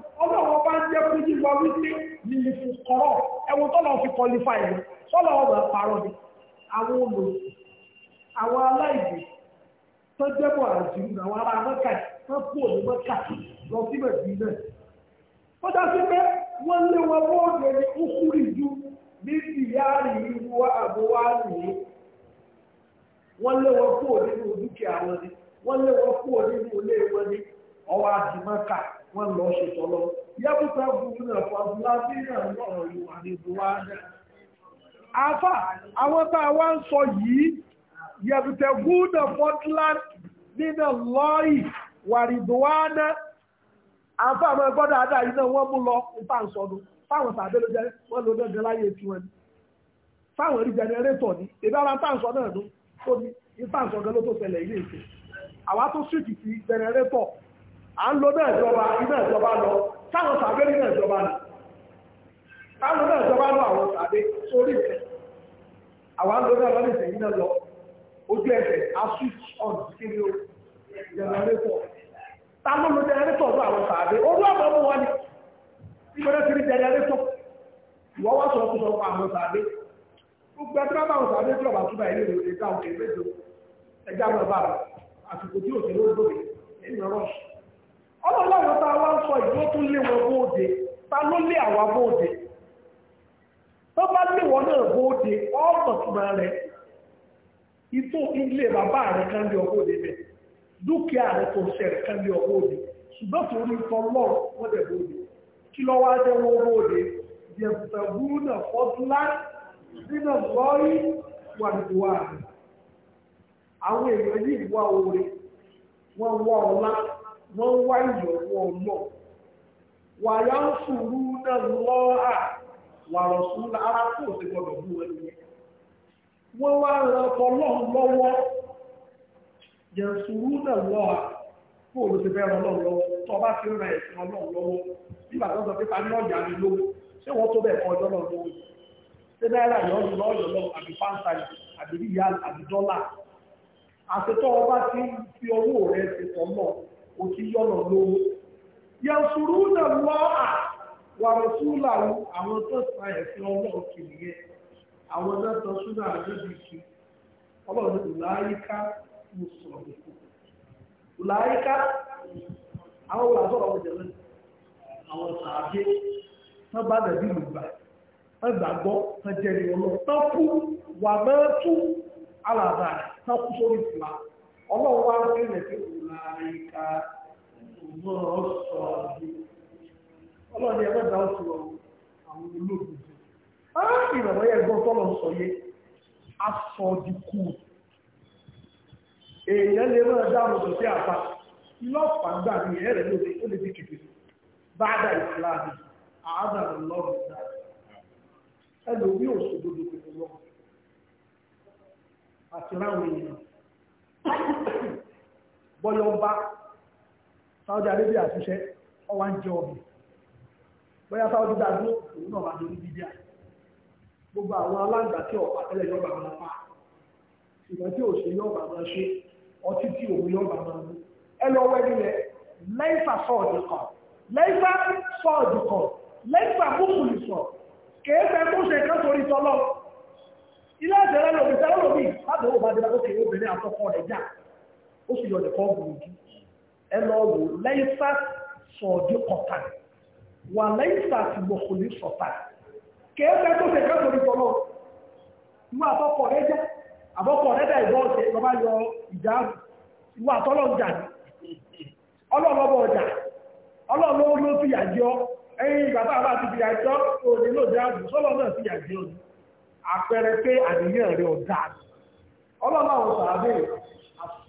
ọlọ́wọ́ bá ń jẹ́ fún yíwọ wípé nílé fún kọ́rọ̀ ẹwọ tọ́lọ̀ fi kọlifà ẹ̀ sọ́lọ̀ ọ̀rọ̀ àparọ́ ni àwọn olóòtú àwọn aláìgbè tó jẹ́bọ̀ àjù àwọn ará mẹ́ka tó kú òní mẹ́ka lọ sí mẹ́bí náà ó dájú pé wọ́n lé wọn bóòdù ẹni kúkúrì ju ní ìyáàrí ìwọ àbúwá nìyí wọ́n lé wọn kúrò nínú dúkìá wọn ni wọ́n lé wọn kúrò nínú ilé wọn ni ọwọ́ àjùmọ́ka wọ́n lọ ṣe tọ́lọ́ yẹ́bùtà bùrù náà fàbùlábí náà lọ́rọ̀ ìwà ní buwádà afá àwọn tá a wá ń sọ yìí yẹ̀bùtà gúdà fọ́tlán nínà lọ́ọ̀yì wàrìdùwádà afá àwọn ẹgbọ́n dáadáa yìí náà wọ́n mú lọ nípa ìsọdún fáwọn sàbẹ̀ ló jẹ́ wọ́n lọ dẹ́gẹ́ láyé tiwọn ni fáwọn rí jẹnẹrétọ̀ ni èdè ara tá à ń sọ náà ló tó ní ní tá à ń sọ gan ló tó ṣẹlẹ̀ ilé ìṣe àwa tó ṣèkìtì jẹnẹrétọ̀ à ń lo bẹ́ẹ̀ ìjọba iná ìjọba lọ táwọn tàbí nínú ìjọba ni táwọn náà ìjọba lọ àwọn tàbí sórí ìfẹ́ àwọn ń lo náà lọ́nà ìfẹ́ iná lọ ojú ẹsẹ̀ a switch on kiri o jẹnẹrétọ̀ táwọn lo jẹnẹrétọ̀ lọ àwọn tàbí olú àmọ́ mú wọn ni ìgbẹ́rẹ́ kiri jẹnẹrétọ̀ ìwọ́ wá sọ̀rọ̀ kúsọ̀ fún àwọn tàbí gbogbo ẹgbẹ́ bá àwọn tàbí tí ọba túbà ilé ìròyìn ọlọ́run láwọn tá a wá ń sọ ìdúró tún lé wọn bóde ta ló lé àwa bóde tó bá lé wọn náà bóde ọ̀pọ̀ túnra rẹ̀ ìtò ilé bàbá rẹ̀ kan lé ọkọ̀ òde bẹ̀ dúkìá rẹ̀ tó ṣẹlẹ̀ kan lé ọkọ̀ òde ṣùgbọ́n tó ní tọ́ lọ́rùn wọ́n dẹ̀ bóde kí lọ́wọ́ ajẹ́ wọn bóde yẹ̀bùtàbù náà fọ́dúnlá nínú lọ́rí wà níwá àwọn èèyàn yìí wá oore wọ́n wá ọlá wọ́n wá ìyọ̀wọ́ ọmọ wà yá ń sùúrù náà lọ́ à wà lọ sùn ara kó o ti gbọdọ̀ bú ẹ nìyẹn wọ́n wá ń ran ọlọ́run lọ́wọ́ yẹn sùúrù náà lọ́ à kó o ti fẹ́ ran ọlọ́run lọ́wọ́ tó o bá ti ran ẹ̀sìn ọlọ́run lọ́wọ́ nígbà tó ń sọ pé ta ní ọ̀jà mi lówó ṣé wọ́n tó bẹ̀ kọ́ ọjọ́ náà ṣé náírà yọ̀ ọ́ lọ́ọ̀yọ̀ lọ àbí kò tí yọ̀nà lówó yẹ̀sùrú nà lọ́ à wàrà súlà àwọn tó sa ẹ̀sìn ọlọ́run kìlì yẹn àwọn náà tọ́ súnà àdébì kí ọlọ́run ìlàyíká mo sọ̀rọ̀ nìkan ìlàyíká àwọn olùdásọ̀ ọ̀rọ̀ jẹ̀lẹ̀ àwọn sàájé tán bá dàbí lùgbà tán gbàgbọ́ tán jẹ́rìí ọlọ́run tán kú wà mẹ́tú alàbà tán kú sórí ìfìlà ọlọ́run wá ń rí rẹ̀ láìka lọ́rọ̀ sọ àbí ọlọ́dẹ ẹgbẹ́ta ó sọ àwọn olóògùn á ìrọ̀lọ́ yẹ gbọ́ tọ́lọ̀ sọ yé aṣọ dìkù èèyàn lè rán ẹja àwọn òṣìṣẹ́ àbá lọ́pàá gbà ní ẹ̀rẹ̀ lóde ó lè di kìkì bá dà ìsìláàmù bọ́yọ̀ ń bá Saudi Arabia ṣiṣẹ́ ọwá ń jẹ ọ̀bẹ̀ bọ́yá Saudi dàdúró òun náà bá lórí bíbíà gbogbo àwọn aláǹgbà tí ọ̀pá tẹ́lẹ̀ yọba máa pa ṣùgbọ́n tí òṣè yọba máa ṣe ọtí tí òun yọba máa mú ẹ lọ wẹ́ nílẹ̀ lẹ́yìnfà sọ́ọ̀dì kan lẹ́yìnfà sọ́ọ̀dì kan lẹ́yìnfà búkúlù sọ kèé fẹ́ kó ṣe kán torí tọ́lọ́ ilé ẹ̀sẹ̀ rẹ̀ lòmí sẹ́rọ̀ lòmí ó sì yọ̀dẹ̀ kan gbòòrò jù ẹ lọ ọ lẹ́yìnsá sọ̀ọ́dí ọ̀tà wà lẹ́yìnsá ti gbòkòlì tó ṣe kẹ́kọ̀ọ́ nípa náà inú àtọ́kọ̀ rẹ jẹ́ àbọ́kọ̀ rẹ dà ìbọn lọ́ba yọ ìjà àtọ́lọ́ ọlọ́ọ̀lọ́bọ̀ ọjà fi bàbá bá ti fi ló àbù sọ́lọ́ náà fi ni àpẹẹrẹ pé rẹ ọ̀dà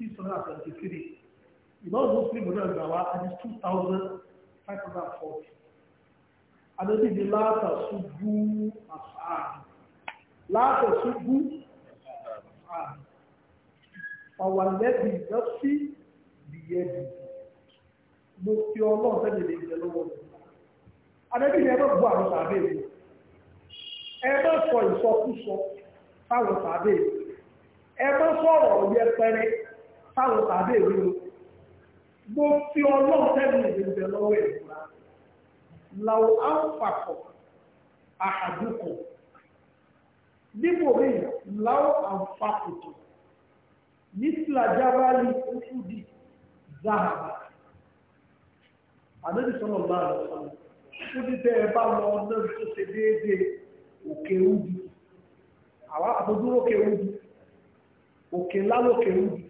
six hundred and seventy three ìmọ̀ muslim náà last of àti two thousand five hundred and forty adébíyí látàṣubú àṣàbí látàṣubú àṣàbí fàwàlẹ́bí lọ́sí bìyẹ́bì mo fi ọlọ́run fẹ́lẹ̀ lè jẹ lọ́wọ́ mi adébíyí ẹgbẹ́ gbọ́ you sàbẹ̀ mi ẹgbẹ́ sọ ìsọkúsọ fáwọn sàbẹ̀ mi ẹgbẹ́ sọ̀rọ̀ táwọn tàbí èwe o mo fi ọlọ́run tẹ́lẹ̀ ìdèbè lọ́wọ́ ẹ̀ fúra làwọn àǹfààkọ̀ àhàdùkọ̀ níbo mi làwọn àǹfààkùtù nísìlájábálì òfúdì záàbà àdébí sọ́nà bá lọ sọ́nà òfúdì tẹ́ ẹ bá lọ ọdún tó ṣe déédéé òkè òdì àwọn àbójúrókè òdì òkè lálókè òdì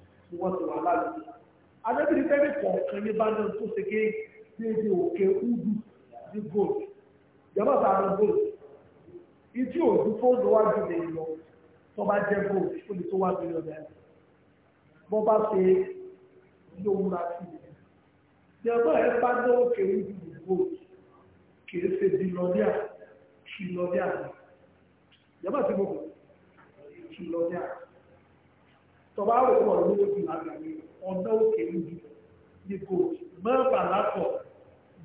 ni wọ́n ti wà láàyè. Adébìrì fẹ́ẹ́ kọ̀ọ̀kan ní Bánà tó ṣe ké déédé òkè Udu ní gold. Ìjọba ta lọ gold. Ìtí òdu fóònù wájú lè lọ tó bá jẹ́ gold tó lè tó wá mílíọ̀nù náírà. Bọ́ bá ṣe ilé òun ra sí i. Ìjọba ẹ̀ bá ní òkè Udu ní gold. Kìí ṣe bílọ̀díà kìlọ̀díà. Ìjọba ti mọ̀ kìlọ̀díà tọba rẹ̀ wọ̀ lórí ojú àgbàgbé ọ̀nà òkè níbi ní mẹ́fà látọ̀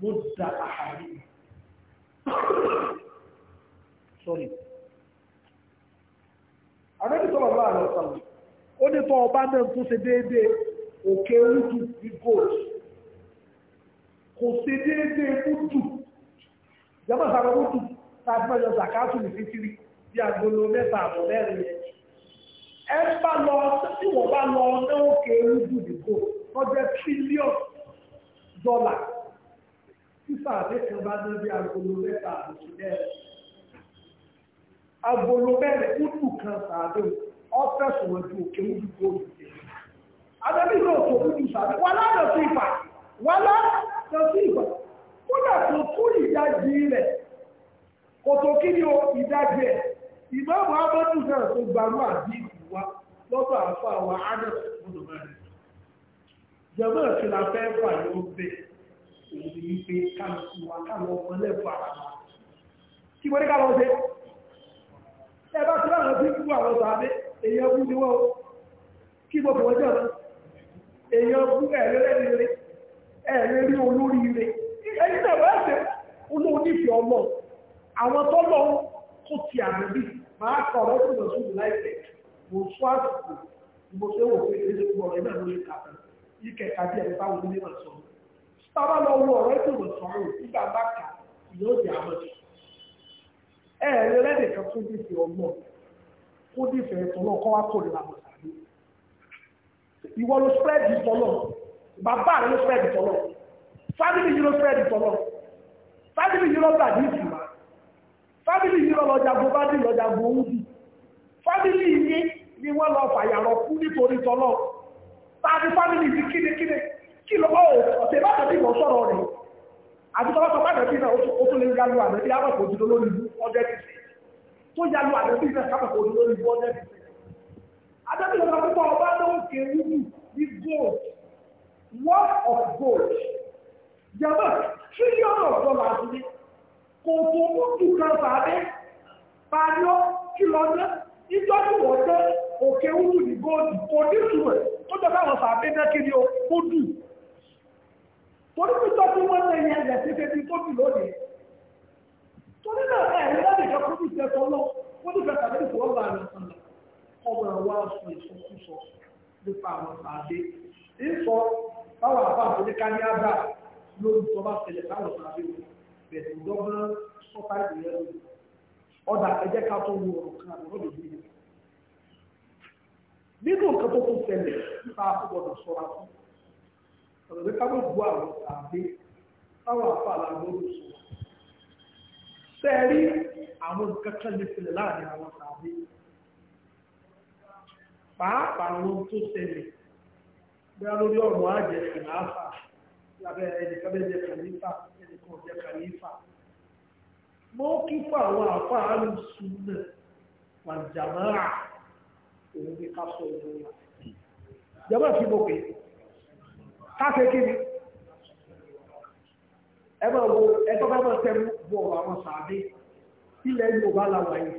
mo da àhàrí sorry àgbẹ̀bí sọ̀rọ̀ bá àlọ́ sọ̀rọ̀ ó ní tọ́ ọba náà tó ṣe déédéé òkè rúdù ní gold kò ṣe déédéé rúdù jẹ́mọ̀ sára rúdù tàbí mẹ́jọ zakatu ní fífírí bí agolo mẹ́ta àbọ̀ mẹ́rin yẹn ẹ bá lọ tí wọ́n bá lọ ní òkè rúdù nìkó lọ́jọ́ tírílíọ̀n dọ́là bá ní bí agolo mẹ́ta àbùkù mẹ́rin agolo mẹ́rin kútù kan sàádé ọ́fẹ́sùn ju òkè adébí tó wà sí ìfà wà sí ìfà tó kú ìdajì kòtò kí ni ìdajì lọ́dọ̀ àfà wà ádẹ́sì fún ọmọdé jẹ́mọ́ ẹ̀sìn la yóò bẹ̀ èyí ni wípé kálukú wa ọmọ lẹ́fọ̀ ara kí wọ́n ní jẹ́ wọn èèyàn kú ẹ̀rẹ́rẹ́ olóríire ẹ̀yìn náà wọ́n ẹ̀sẹ̀ olóònífẹ̀ẹ́ ọmọ àwọn tọ́lọ́ kò ti àmì bí máa kọ̀ ọ̀rọ̀ lọ sí ìlú mo tó àsìkò mo ṣe wò pé èdè gbọ́dọ̀ náà ló lè kàtà ìkẹta bí ẹni báwo ló lè máa sọ sábà lọ wọ ọ̀rẹ́ tó lọ sọ̀rọ̀ nígbà bá kà yóò di àmọ́ ẹ ẹ lé lẹ́dẹ̀ẹ́ kan tó dìfẹ́ ọmọ kó dìfẹ́ tọ́lọ́ kọ́ wá kò ìwọ ló bàbá rẹ ló yìí ló yìí ló ni wọ́n lọ fàyàrọ̀ kú nítorí tọ́lọ́ tàbí fámìlì ti kídekíde kí lọ́wọ́ ọ̀sẹ̀ bá tẹ̀lé ìwọ̀n sọ̀rọ̀ rẹ̀ àti tọ́lọ́ sọ báyọ̀ bí náà ó tún lè yalu àdẹ́bí ábàkò òdúró lórí ọjọ́ ìsìn tó yalu àdẹ́bí náà ábàkò òdúró lórí ọjọ́ ìsìn àdẹ́bí lọ́wọ́ púpọ̀ ọba náà kè wúwú ní gold worth of gold yàtọ̀ trillion of dollars ni kò tó mú dùkan sàdé pàdé kìlọ̀ ní ìjọ́ tí wọ́n tẹ́ òkè wúrù ní góòdì kò ní ìtumẹ̀ tó jọ káwọn sàbẹ́ náà kiri o kó dù torí pípọ́ tí wọ́n lè yẹn lẹ̀ sí tẹ́tí tó bì lónìí torí náà ẹ̀rí láti jọ kó bì tẹ́tọ́ lọ wọ́n ní fẹ́ẹ́ tàbí ìfowó bá rẹ̀ sọ̀nà ọmọ ẹ̀wọ́ aṣọ ìsọkúsọ nípa àwọn sàbẹ́ ìsọ báwọn àbá àbúlé ká ní ábà lórí tó bá tẹ̀lé káwọn sàbẹ́ bẹ̀rẹ̀ ìdọ́gbọ́n sọ́tà ìgbìyànjú ọ̀dà ẹ̀jẹ̀ ká tó wù ọ̀rọ̀ kan àbúrò nínú nǹkan tó tún ṣẹlẹ̀ nípa àkọ́gbọ́dọ̀ sọ́ra fún ọ̀rọ̀ pé káwọn bu àwọn tàbí táwọn àfàlà gbọ́dọ̀ sọ́ra sẹ́ẹ̀rí àwọn nǹkan kan lè ṣẹlẹ̀ láàrin àwọn tàbí pàápàá àwọn tó ṣẹlẹ̀ bí a lórí ọ̀rọ̀ àjẹ kàláfà lábẹ́ ẹnìkan bẹ́ẹ̀ jẹ kàlífà ẹnìkan jẹ kàlífà mọ́ kí fún àwọn àfàlù súnà wàjàmáà èyí bí ká sọ ìlú wa jọba fi mo pè káfẹ kíni ẹ máa wo ẹtọ́ bá máa tẹnu bọ̀ àwọn sàádé ilẹ̀ Yorùbá la wà yìí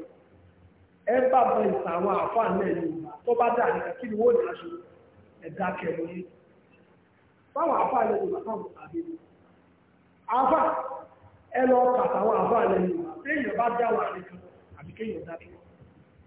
ẹ bá bá ìta àwọn àfáà náà Yorùbá tó bá dà nígbà kí ni wọ́n ní aṣọ ẹ̀dá kẹrin yìí báwọn àfáà lẹ́nu Yorùbá táwọn sàádé ni àfáà ẹ lọ kàtàwọn àfáà lẹ́nu Yorùbá téèyàn bá dá wà nìkan àbí kéèyàn dá nìkan.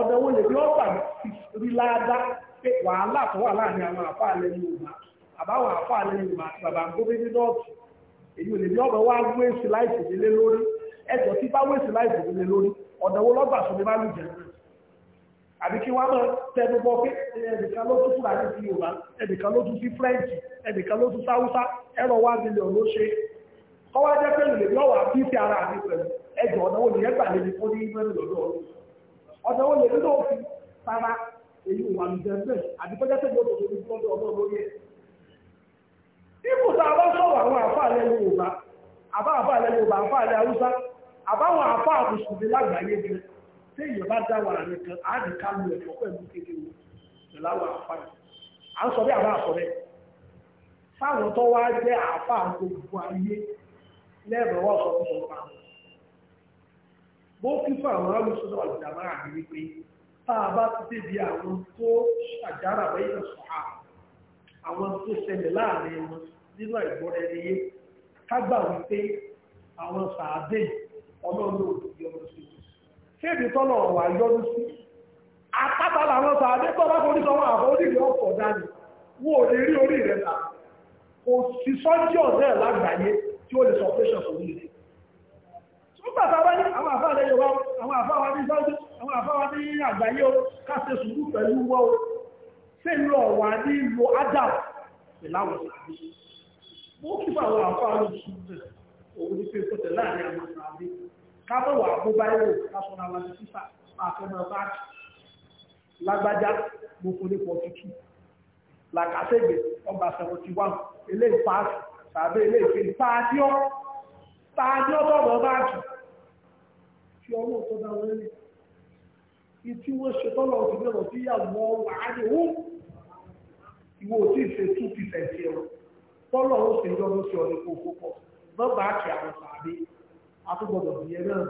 ọ̀dọ̀ wo lè bí wọ́n rí láadá pé wàhálà tó wà láàrin àwọn àfa alẹ́ yorùbá àbáwọn àfa alẹ́ yorùbá àti bàbá gómìnà nọ́ọ̀tù èyí ò lè bí ọ̀bẹ wá wé sí láìsí nílé lórí ẹ̀jọ̀ tí bá wé sí láìsí sọ ní bá lù àbí kí wọ́n máa tẹnu bọ pé ẹnìkan ló tún yorùbá ẹnìkan ló tún sí fúrẹ́ǹkì ẹnìkan ló tún wá nílẹ̀ ṣe kọ́wá jẹ́ pé lè bí ọ̀dọ̀ wọn lè ní lóò fi sára èyí wà ní jẹ́ńdẹ̀ àdìpẹ́jẹ́ tó gbọdọ̀ lórí tí wọ́n dé ọ̀dọ́ lórí ẹ̀. ibù tá a bá sọ̀rọ̀ àwọn àfáàlẹ́ Yorùbá àbá àfáàlẹ́ Yorùbá àfáàlẹ́ Haúsá àbáwọn àfáà mùsùlùmí lágbàáyé jẹ tí èèyàn bá dá wàrà nìkan á ní ká lu ẹ̀fọ́ pẹ̀lú kékeré pẹ̀lú àwọn àfáà à ń sọ bí àbá àsọ bó kí fún àwọn alùsọ́dọ̀ àjàmá àmì wípé táa bá ti débi àwọn tó ṣàjára bẹ́yìn sọ̀há àwọn tó ṣẹlẹ̀ láàrin wọn nínú àìgbọ́rẹ̀ ẹyẹ kágbà wípé àwọn sàádé ọlọ́run yọrù sí fébì tọ́lọ̀ wà yọrù sí apáta làwọn sàádé tó bá forí sọwọ́ àwọn onílé ọ̀pọ̀ dání wọ́n lè rí orí rẹ̀ là kò sí sọ́jí ọ̀dẹ́ lágbàáyé tí ó lè sọ pé ṣàfòrí rẹ̀ nígbàtà wá ní àwọn àfáà lẹ́yọ wá àwọn àfáà wá ní sáájú àwọn àfáà wá ní àgbáyé o káṣẹ sùúrù o ṣe ń lọ wà ní lo adam pẹ̀láwọ̀ sàbí ó kí fún àwọn àfáà ló sùn bẹ̀ òun ní pé kọ́tẹ̀ láàrin àwọn sàbí kábọ̀ wà bóbá ẹ̀rọ kásọ̀rọ̀ àwọn sísà àfẹ́mọ̀ bá lágbájá mo fún ní pọ̀ tuntun làkàṣẹ́gbẹ̀ ọgbà seventy one eléyìí paasi tàbí eléyìí paasi ọ́ ọlọ́run tó dá wọn lẹ́yìn ìtí wọ́n ṣe tọ́lọ̀ ọ̀sìn bẹ̀rọ̀ sí ìyàwó àárẹ̀ ó ìwọ ò tí ì ṣe two percent yẹn o tọ́lọ̀ ó sì ń yọ lóṣù ọ̀rẹ́ kó kó pọ̀ nọ́mbà àti àwọn sàbí àtúgbọ̀dọ̀ ìyẹn náà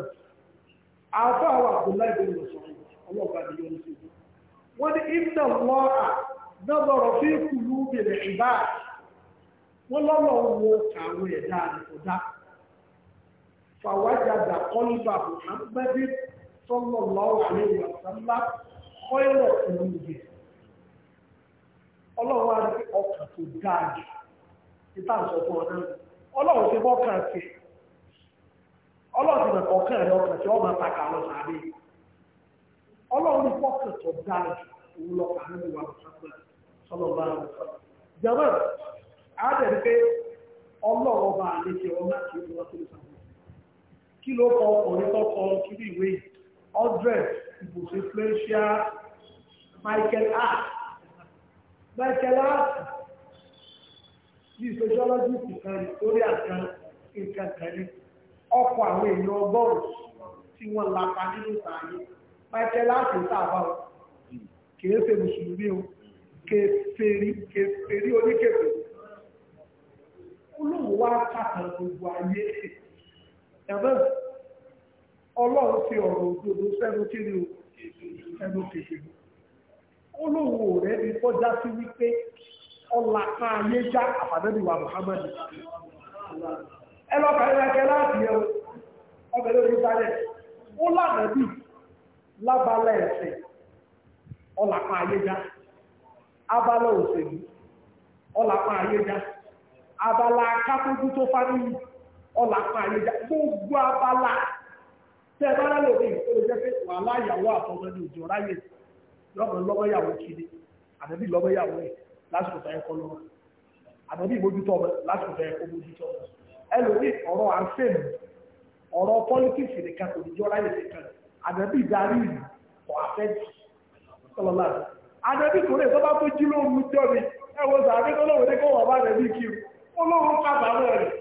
àfọ àwọn àbúlá ìbéèrè lọ sọ̀rọ̀ ọlọ́ọ̀bá ni yọ lóṣù wọ́n ní ìdá lọ́ra nọ́bọ̀rọ̀ fi kùlù ìbá wọ́n lọ́lọ́ wo kàwé ẹ̀dá àdìpọ̀dá fàwájàdà kọ́lùbà Muhammad sallallahu alaihi wa sallam kọ́ìlọ̀ ìlúgbẹ̀ ọlọ́run wá ní ọkàn tó dáa títà sọ fún ọlọ́run ti sí ọlọ́run ti ọkàn tí máa sáré ọlọ́run ní tó òun lọ kí ló kọ ọkùnrin tó kọ kíbi ìwé yìí aldred ibùsùn michael hart michael hart bíi sociologist kan victoria kan nǹkan kan ní ọkọ̀ àwọn èèyàn ọgọ́rùn-ún tí wọ́n lapa nínú ìtààyè michael hart ń tàbá o kìí ṣe mùsùlùmí o kèfèrí kèfèrí oníkèfèrí olóòwò wá kàtà gbogbo ayé ètò ẹ̀bẹ́ ọlọ́run fi ọ̀rọ̀ òdodo sẹ́nu kí ni ẹnu kèfèrè ó lóun ní kọjá sí wípé ọlà ká ayé já wa Muhammad ẹ lọ kàrí rẹ̀ láti yẹ ọbẹ̀ lórí sáré ó lànàbí lábala ẹ̀sẹ̀ ọlà ayé já ọlà ayé já abala tó ọ̀là pa gbogbo abala tẹ́ bá rálẹ̀ jẹ́ pé wà láyàwó àtọmọ ní òjò ráyè kiri lásìkò lọ́wọ́ ìbójútó ọmọ lásìkò bójútó ọmọ ọ̀rọ̀ àfẹ́mù ọ̀rọ̀ pọ́lítíìsì nìkan kò ní jọ ráyè nìkan àdàbí ìdarí ìlú kò rẹ̀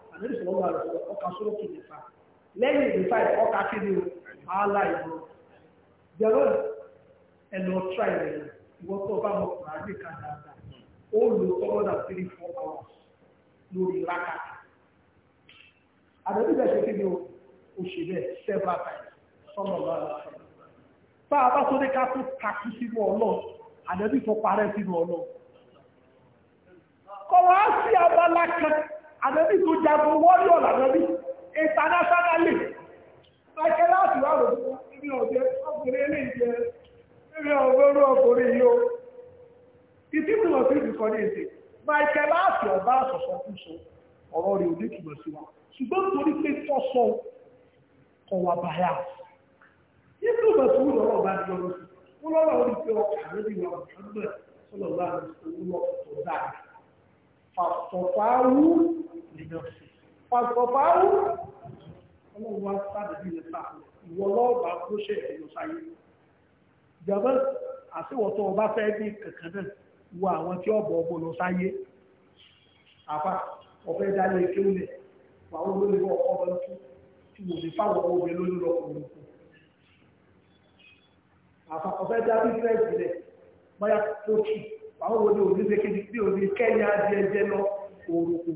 àmì ìṣòwò àrùn ọkà sórókè nìfà lẹ́yìn ìdìfà ọkà kíni o ààlà ìlú jẹ́wọ́ ẹ̀lọ́ tra ìrìn ìwọ́n tó bá mọ̀ kùrà ní ìka dáadáa ó lò tọ́wọ́ dà three four hours lórí rákà àdàbí ìgbà ṣe kíni o òṣèlè several times sọ́nà ọ̀la ọ̀sán bá a bá tó dé ká tó takú sínú ọlọ́ọ̀ àdàbí ìfọ̀parẹ́ sínú ọlọ́ọ̀ kọ̀wá sí abala kan ànábì tó jagun wọ́ọ̀lọ́ lànábì internationally lákẹ́ láti wà lò fún ibi ọ̀jẹ́ ọkùnrin ilé ìjẹ ibi ọgọ́rùn ọkùnrin yìí o ìdí mi wọ̀n sí ìdìkọ́ ní èdè michael láti ọba àsọ̀sọ̀ fún sọ ọ̀rọ̀ rẹ̀ ò ní túmọ̀ sí wa ṣùgbọ́n torí pé tọ́sọ kọ̀wà bàyà ìdí mi wọ̀n sí ìdọ̀rọ̀ ọba ní ọ̀rọ̀ sí wọn lọ́wọ́ orí pé ọkà lórí ìwà Muhammad sọlọ́ọ̀lá àti ìṣòwò ọ̀tọ̀ dáa fàfọ̀fà wú pàṣípàáwù ọlọ́run wá sáàdì bí ilẹ̀ sáà ìwọ lọ́ọ̀bà tó ṣe ìlú sáyé ìjọba àṣìwọ̀tọ̀ ọba fẹ́ ní kankan náà wo àwọn tí ọ̀bọ̀ ọbọ̀ lọ sáyé àfà ọ̀fẹ́ dálé kéwìlẹ̀ wàá wọ́n lórí ọkọ̀ ọba lọ́kùn tí wò ní fáwọn obìnrin lórí lọ́kùnrin kù àfà ọ̀fẹ́ dá bísíǹsì rẹ̀ tó kì wàá wọ́n òní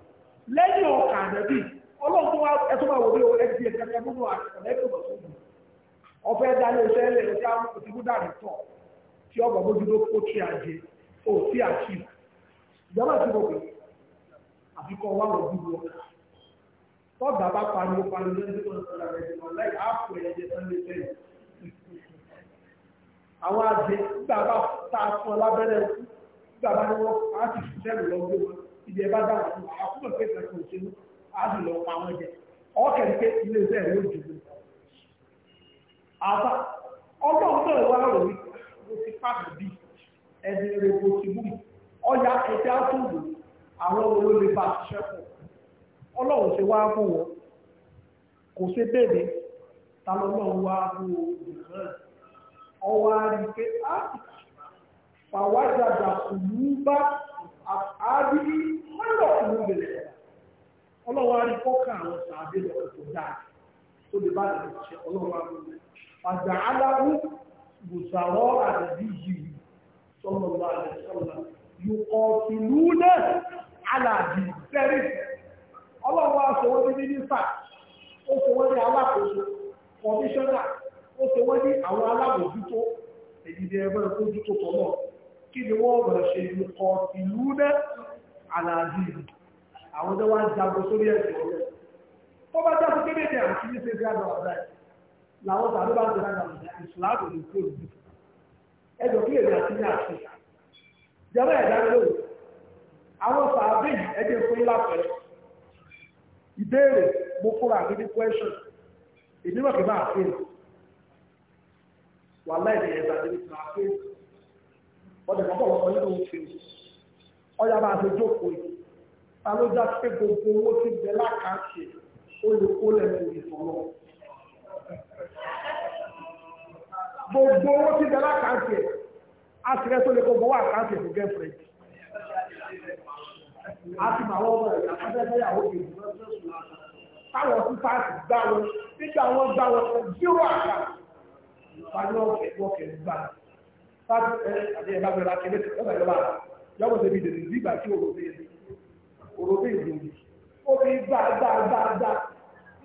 lẹ́yìn ọ̀kà àdẹ́bí ọlọ́run tó wá ẹtọ́ máa wò ní owó ẹgbẹ́ ẹgbẹ́ gbogbo àtẹ̀lẹ́gbẹ̀ ọ̀sọ́gbọ̀n ọ̀fẹ́ dalẹ̀ iṣẹ́ ilẹ̀ ẹ̀ka òtìkúdà rẹ̀ tọ̀ tí ọgbà mójútó kó tí a jẹ ó tí a ṣì ìjọba ti rò pé àfikọ́ wà wọ́n bí wọ́n tọ́gbà bá pariwo pariwo lẹ́yìn tó ń sọ̀rọ̀ rẹ̀ jùlọ láì áàpù ẹ̀jẹ̀ sẹ́lẹ̀ sẹ́yìn àwọn àjẹ gbàgbà tá a fún ọ lábẹ́rẹ́ gbàgbà ni wọ́n á sì ṣiṣẹ́ lọ́gbọ́n ìdí ẹ̀bá dára fún wa àkúrò pé ìgbàgbọ́ òṣèlú àdùlọ àwọn ẹ̀jẹ̀ ọ̀kẹ́ni pé ilé iṣẹ́ rẹ̀ yóò dùn. àbá ọlọ́run náà wá rò wí mo ti pàdé bí ẹni rẹ̀ mo ti mú ọ̀yà ẹ̀jẹ̀ àtúndò àwọn olóore bá ṣiṣẹ́ pọ̀ ọlọ́run ṣe wá fún wọn kò ṣe bẹ́ẹ̀ ta lọ́lọ́run wá fún òògùn ọwọ́ á rí i pé á ah, fàwájà bá àbí mọ́lọ̀ ụlọ ọlọ́wọ́ arí àwọn sàábé lọ́wọ́ tó dáa tó lè bá lè ṣe ọlọ́wọ́ arí àgbà aláwú bùsàrọ́ àdàbí yìí sọ́lọ́wọ́ àdàsọ́lá yóò ti lú kí ni wọ́n bẹ̀rẹ̀ ṣe ìlú kọ ìlú náà àlàájì àwọn tó wá ń jago sórí ẹ̀sìn ọ̀rẹ́ tó bá jáde kéde ní àti ní ṣe gíráàdà ọ̀dà ẹ̀ làwọn tàbí bá ń jẹ́ gíráàdà ọ̀dà ìsìláàbò ní kúrò ní ẹjọ́ kí èmi àti ní àti jẹ́rọ ẹ̀dá lóòrùn àwọn sàábì ẹgbẹ́ fún ìdíyẹ̀ ìbàdàn ìbàdàn ọdẹ kan bọ̀wọ̀ pẹ̀lú òfin ọyá máa fi jókòó yìí ta ló já pé gbogbo owó ti bẹ lákàtì olùkó lẹ́nu ìfọ̀lọ́ gbogbo owó ti bẹ lákàtì àtìrẹ tó lè kó gbowó àkáǹtì fún girlfriend a ti máa wọ́n bọ̀rẹ̀ àtẹ́fẹ́yàwó kejì táwọn tún páàkì gbá wọn nígbà wọn gbá wọn zero àkáǹtì ìpàdé ọ̀kẹ́ ọ̀kẹ́ gbà wọn sáájú ẹ àti ẹ̀bá bẹ̀rẹ̀ akẹ́lẹ́ lọ́bàá ìjọba yọ́bọ̀ tẹ̀bi ìdèdè bí ìgbà tí òròbé yẹn òròbé ìdè òbí ó fi gbà gbà gbà gbà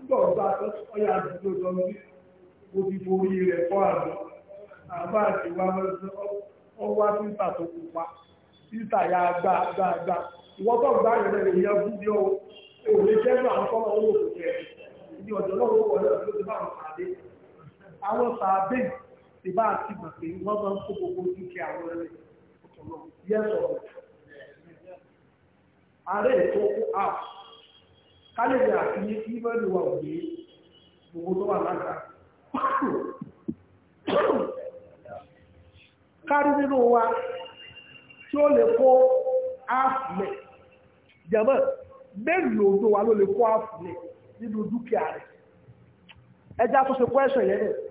gbọ̀ gbà tó ọyà àdúgbò tó ń bí ó fi forí rẹ̀ fọ́ àgbọ̀ àbá àti wà ọwá títà tó kù pa àwọn tọ́lọ́ owó ìbá àti mọ̀ pé wọ́n máa ń kó gbogbo dúkìá àwọn ẹ̀rẹ́ ọ̀tọ̀lọ́ yẹ́sọ̀ ààrẹ ètò app kálẹ̀dẹ̀ àti ní ìmọ̀lù wa òye gbogbo tó wà lága kárí nínú wa tí ó lè kó app lẹ̀ jẹ́mọ́ mélòó ló wà ló lè kó app nínú dúkìá rẹ̀ ẹjá tó ṣe kó ẹ̀ṣọ̀ yẹn náà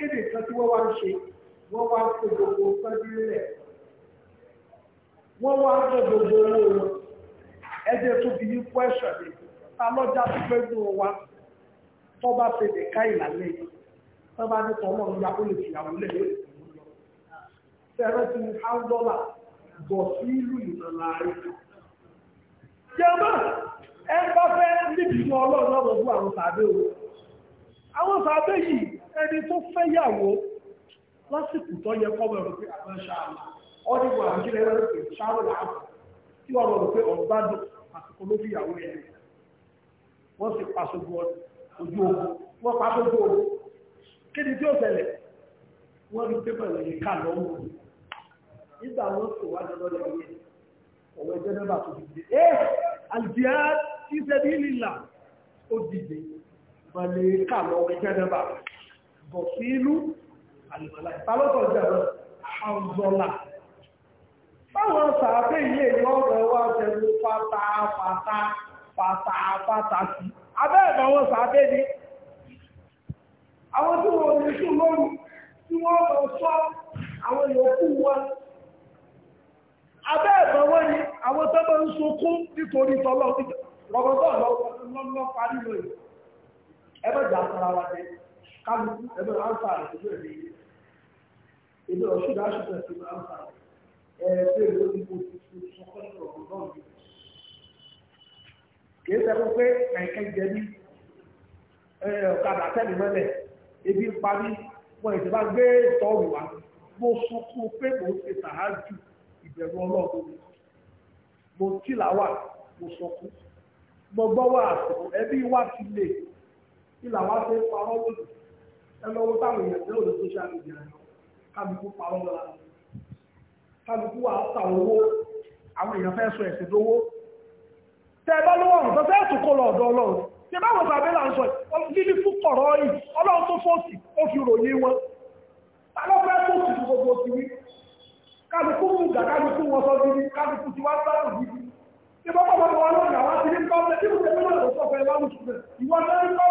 kéde nǹkan tí wọ́n wá ń ṣe wọ́n wá ń pè gbogbo pẹ́ńtílẹ̀ wọ́n wá ń pè gbogbo owó wọn ẹ̀jẹ̀ tó fi ní pẹ́ṣọ̀ ni ta lọ́jà tó fẹ́ nù wa tó bá ṣe lè ká ìlànà yìí tó bá ní tọ́lọ́ ń ya ó lè fìyàwó lè lè fẹ́rẹ́ ti ní house dollar bọ̀ sí ìlú ìlànà rẹ̀ jẹ́mọ́ ẹ bá fẹ́ níbi ìlú ọlọ́run ọ̀rọ̀ fún àwọn sàbẹ̀ o àwọn sàbẹ̀ yìí ẹni tó fẹ́yàwó lásìkò tó yẹ kọ́ mẹ́rin pé àwọn ṣáàlà ọ́dìbò àjílẹ̀ rẹ̀ pé ṣáàlà àpò tí wọ́n rọrùn pé ọ̀gbádùn àsìkò ló fìyàwó ẹ̀ wọ́n sì pàṣogbò ojú ogun wọ́n pàṣogbò ogun kí ni tí ó ṣẹlẹ̀ wọ́n rí pé pẹ̀lú yìí ká lọ́wọ́ nígbà wọn sì wá jọ lọ́dẹ̀ yìí ọ̀wọ́ ẹjẹ́ nọ́mbà tó dìde ẹ́ àlùfíà tí sẹ́bí lílà ó dìde mọ̀lẹ́ ká lọ́wọ́ ẹjẹ́ nọ́mbà rẹ̀ bọ̀sílú àlùmọ̀lá ìpalọ́tọ̀ jẹ́rọ àwùzọ́là báwọn sàáfẹ́ ilé ìlọ́rọ̀ wá jẹ́rọ pátápátá pátápátá sí abẹ́ẹ̀bẹ̀ wọn sàáfẹ́ ni àwọn tí wọ́n ní sùn lóru tí wọ́n lọ sọ àwọn yòókù wọn abẹ́ẹ̀bẹ̀ wọn ni àwọn tó bá ń sunkún nítorí tọ́lọ́ rọ̀bọ̀tọ̀ lọ́parí lóyè ẹgbẹ́jà fara wa jẹ́ kálukú ẹgbẹ́ ránṣà rẹ̀ tó bẹ̀rẹ̀ ní ilé ọ̀ṣùdá ṣùgbọ́n ti ránṣà rẹ̀ ẹgbẹ́ ìlú ìbò tuntun sọkọ́sọ̀ ọ̀gbọ́n mi. kì í sẹ́kọ̀ pé kẹ̀kẹ́ jẹ ní ọ̀kadà tẹ́lẹ̀ mọ́lẹ̀ ebi ń parí wọn ìjọba gbé tọ́ọ̀rù wa mo sunkún pé mo ń ṣe sàájú ìbẹ̀rù ọlọ́run mi mo kí làwà mo sunkún mo gbọ́ wà àsìkò ẹbí wa ti lè kí làwà parọ́ lòdì ẹ lọ́wọ́ táwọn èèyàn tẹ́lẹ̀ òde social media lọ kálukú parọ́ lọ́la kálukú wà á owó àwọn èèyàn fẹ́ sọ ẹ̀sìn lówó tẹ́ ẹ ọ̀rùn tó fẹ́ẹ́ lọ ọ̀dọ̀ ọlọ́run tí bá wọ̀ sàbẹ́ là ń sọ yìí fún kọ̀rọ̀ yìí ọlọ́run tó fọ́ọ̀sì ó fi ròyìn wọn alọ́fẹ́ fọ́ọ̀sì gbogbo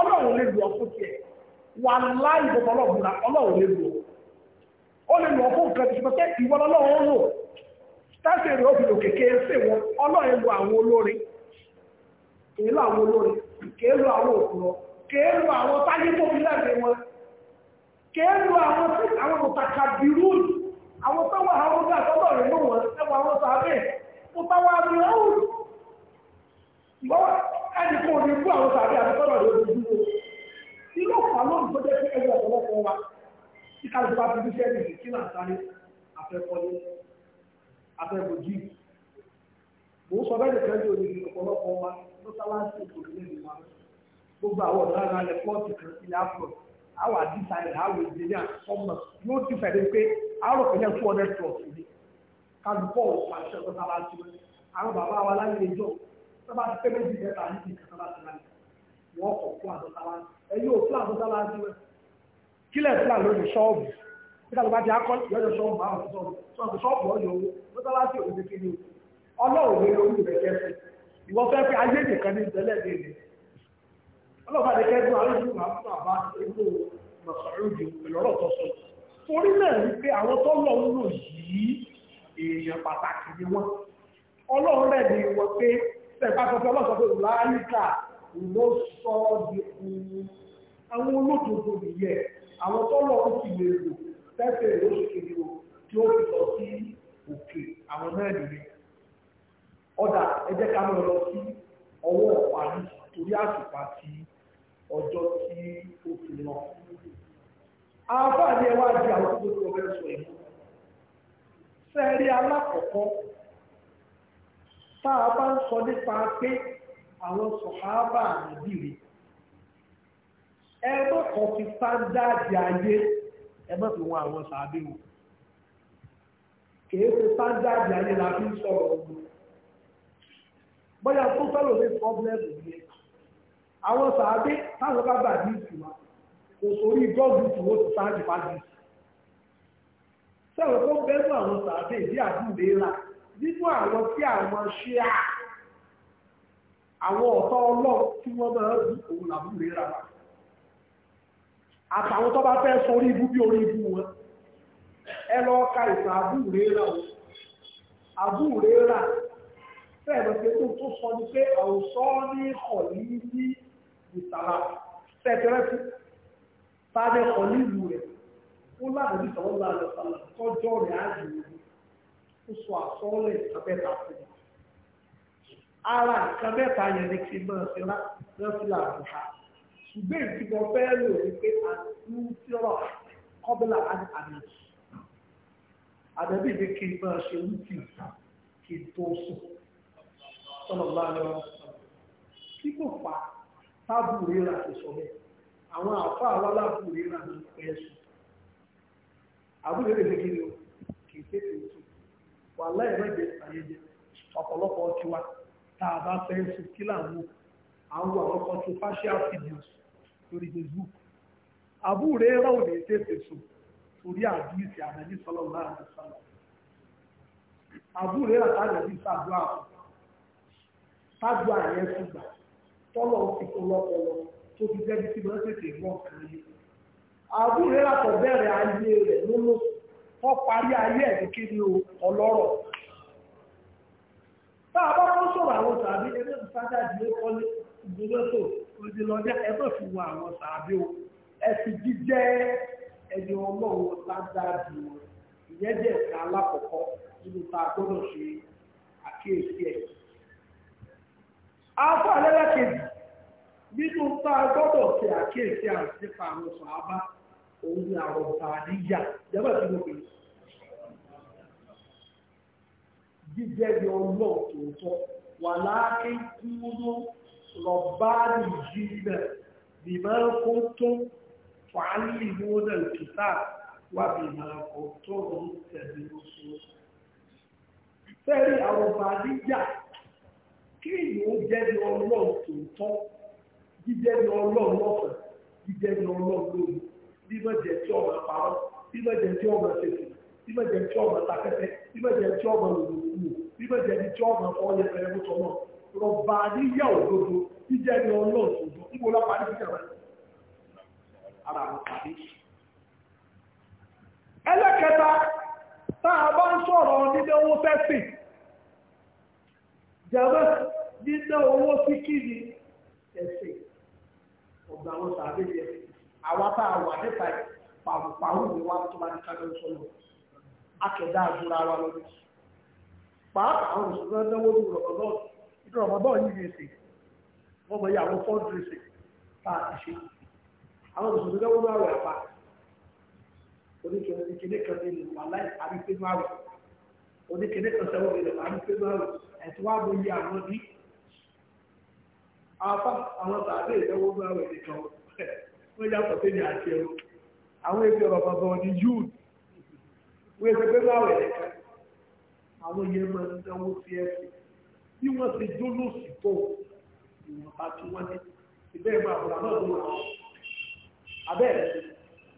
ọlọ́run lè lù ọkùn tiẹ̀ wà láì bọ̀bọ̀ ọlọ́run la ọlọ́run lè ọ lè lù ọkùn kan tuntun pé ìwọ lọ́lọ́run rò táṣì èrè òbí lò kékeré sí wọn ọlọ́run lu àwọn olórin èyí lọ àwọn olórin kèé lu àwọn òkúrọ kèé lu àwọn táyé tó fi lẹ́gbẹ̀ẹ́ wọn kèé lu àwọn tí àwọn àwọn táwọn àwọn lò ẹwà àwọn sàbẹ̀ e kan ò ní kú àwọn tàbí àtọ́nà rẹ̀ ojú wo inú ọ̀pá náà ló jẹ́ ẹgbẹ́ ọ̀pọ̀lọpọ̀ wa tí ká ló bá fi bíṣẹ́ ní ìdíkí náà sáré afẹ́kọ́lé afẹ́bòjì mò ń sọ bẹ́ẹ̀ nìkan ní ọ̀pọ̀lọpọ̀ wa ló sáláńsì gbogbo àwọn ọ̀dọ́ kan àwọn àdìsáyẹ̀ àwọn yóò ti sábà ti pé méjì mẹ́ta ní ti kàtà láti láti wọ́n kọ̀ fún àdọ́ta láti ẹ̀yìn ò fún àdọ́ta láti wẹ̀ kílẹ̀ fúlà lórí ṣọ́ọ̀bù nígbà tó bá ti akọ́ yọjọ ṣọ́ọ̀bù àwọn ṣọ́ọ̀bù ṣọ́ọ̀bù ọ̀yọ́ owó lọ́tà láti òde kéde ọlọ́ọ̀wé lórí rẹ̀ kẹfẹ́ ìwọ fẹ́ ni kẹ́dùn àríwú àbúrò àbá ewu mọ̀sàrúdì ìlọ́rọ̀ tó sọ torí náà wípé àwọn tó lọ ń lò yìí èèyàn pàtàkì ni wọ́n ọlọ́run rẹ̀ ni wọ́n pé tẹ̀pá sọ́tọ́ ọlọ́sọ̀ pé láyíká ló sọ ọ́ di kúrú àwọn olódodo nìyẹn àwọn tọ́lọ̀ ó sì lè lò tẹ́sẹ̀ ló ṣe kiri o tí ó fi lọ sí òkè àwọn náà nìyẹn ọ̀dà ẹ jẹ́ ká lọ lọ sí ọwọ́ ọ̀parí torí àtùpà ti ọjọ́ tí ó fi lọ. àǹfààní wá di àwọn tó tó tó fẹ́ sọ yìí sẹ́ẹ̀rí alákọ̀ọ́kọ́ tá a bá ń sọ nípa pé àwọn sọ̀hábà nìbìrì ẹ má kàn fi sáńdáàdì ayé ẹ má fi wọn àwọn sàbẹ̀ wò kìí ṣe sáńdáàdì ayé la fi ń sọ̀rọ̀ ọ̀hún bóyá tó fẹ́ràn ní pọ́blẹ́mù yẹn àwọn sàbẹ̀ táwọn bá bàbí ìtura kò sórí gọ́ọ̀gù tí wọ́n ti sáájú bá dì í sẹ́wọ̀n tó bẹ́ẹ̀ mú àwọn sàbẹ̀ ìdí àdúgbò rà nínú àwọn tí àwọn ṣe à àwọn ọ̀tọ́ ọlọ́run tí wọ́n máa ń òun làbúrò rẹ̀ rárá àtàwọn tó bá fẹ́ sọ orí ibú bí orí ibú wọn ẹ lọ ka ìtàn àbúrò rẹ̀ rà o àbúrò pé tó tó sọ ni pé àwòsọ́ ní ọ̀lí ní ìtàlá tẹ̀tẹ̀rẹ́sì tàbí ọ̀lí ìlú rẹ̀ ó láàrín ìtàwọn ó sọ àsọ́ọ́lẹ̀ ìtàbẹ́ta fún mi ara nǹkan mẹ́ta yẹn ni kí n máa fi rẹ́fìlà àbùhá ṣùgbọ́n èyí tí mo fẹ́ lò ní pé àtúntìrọ̀ kọ́bílà àdàbí àdàbí ni kí n máa ṣe wútì kí n tó sùn sọ̀rọ̀ láàrin ọ̀rọ̀ kí kò fà tábù rírà ti sọ bẹ́ẹ̀ àwọn àfa àwọn aláàbù rírà ni pẹ́ sùn àbúrò rẹ̀ ṣe kí ni o kì í tètè sùn. wà láìrẹ́gbẹ̀ àyẹjẹ ọ̀pọ̀lọpọ̀ ọtí wa tá a bá fẹ́ sí kí láàmú àwọn àwọn controversial videos lórí facebook àbúrẹ́ ráwọ̀ ní tètè sùn torí àdúrísì àdàbí sọ́lọ̀ láàrin sọ́lọ̀ tọ́lọ̀ ti kó tó fi tí tètè ayé rẹ̀ wọ́n parí ayé ẹ̀dí kí ni ọlọ́rọ̀ táà bá wọ́n sọ̀rọ̀ àwọn tàbí ẹgbẹ́ ìsájà ìdílé kọ́lé ìgbélótò òdìlọ́jà ẹgbẹ́ fi wọ àwọn tàbí o ẹ̀sìn jíjẹ́ ẹni ọlọ́run lágbáàdì wọn ìyẹn jẹ́ ẹ̀ka alákọ̀ọ́kọ́ nínú ta gbọ́dọ̀ ṣe àkíyèsí ẹ̀. afọ àlẹ́lẹ́kejì nínú ta gbọ́dọ̀ ṣe àkíyèsí àti nípa àwọn sọ̀rọ̀ òun ni àrọ̀bà níyà ìjọba tí mo pè é jíjẹ́ bí ọlọ́ọ̀ tòótọ́ wà láàkí kúrú rọ̀bá nìyí náà bìmọ̀ kó tó fàálì mọ́nà ìkìtà wà bìmọ̀ kó tó ń tẹ̀lé oṣù. Fẹ́rí àrọ̀bà níyà kí ìlú jẹ́ bí ọlọ́ọ̀ tòótọ́ jíjẹ́ bí ọlọ́ọ̀ lọ́fẹ̀ẹ́ jíjẹ́ bí ọlọ́ọ̀ lóyún bíbẹ̀ jẹ́ tí ọmọ parọ́ bíbẹ̀ jẹ́ tí ọmọ tètè bíbẹ̀ jẹ́ tí ọmọ takẹ́tẹ́ bíbẹ̀ jẹ́ tí ọmọ lòlòkulò bíbẹ̀ jẹ́ tí ọmọ ọyẹ fẹ́rẹ́ mú tọmọ rọba níyà òdodo jíjẹ́ ní ọlọ́ọ̀tún níbo lápá ní kíkà rẹ̀ ara àwọn pàdé. ẹlẹ́kẹta tá a bá ń sọ̀rọ̀ nílé owó fẹ́sìn jẹ́wọ́ nílé owó sí kí ni ẹ̀sìn ọ̀gbà àwọn sàbẹ̀yẹ àwọn tá a wà nípa pàwùpàwù ni wá tó bá ní kájọ sọlọ akẹdá àdúrà wa lọ pàápàá àwọn òṣèlú ẹgbẹ́wó ní ọ̀dọ́ ìdúrà ọmọdé yìí rèé sí wọ́n mọ̀ yí àwọn fọ́ọ̀dù rèé sí tá a ti ṣe àwọn òṣèlú ẹgbẹ́wó ní àwẹ̀ àpá oníkèrè ìkíní kan ní ìlú wọ́n yàtọ̀ sí ní àti ẹ̀rọ àwọn èdè ọ̀rọ̀ bàbá wọn ni yúùd wọ́n èdè pé báwẹ̀ nìkan àwọn yẹn máa ń náwó sí ẹ̀sìn bí wọ́n ti jólóòsì tó ìwọ̀nba tí wọ́n ní ìbẹ́ẹ̀ máa bọ̀ àmọ́ ìwọ̀n abẹ́ẹ̀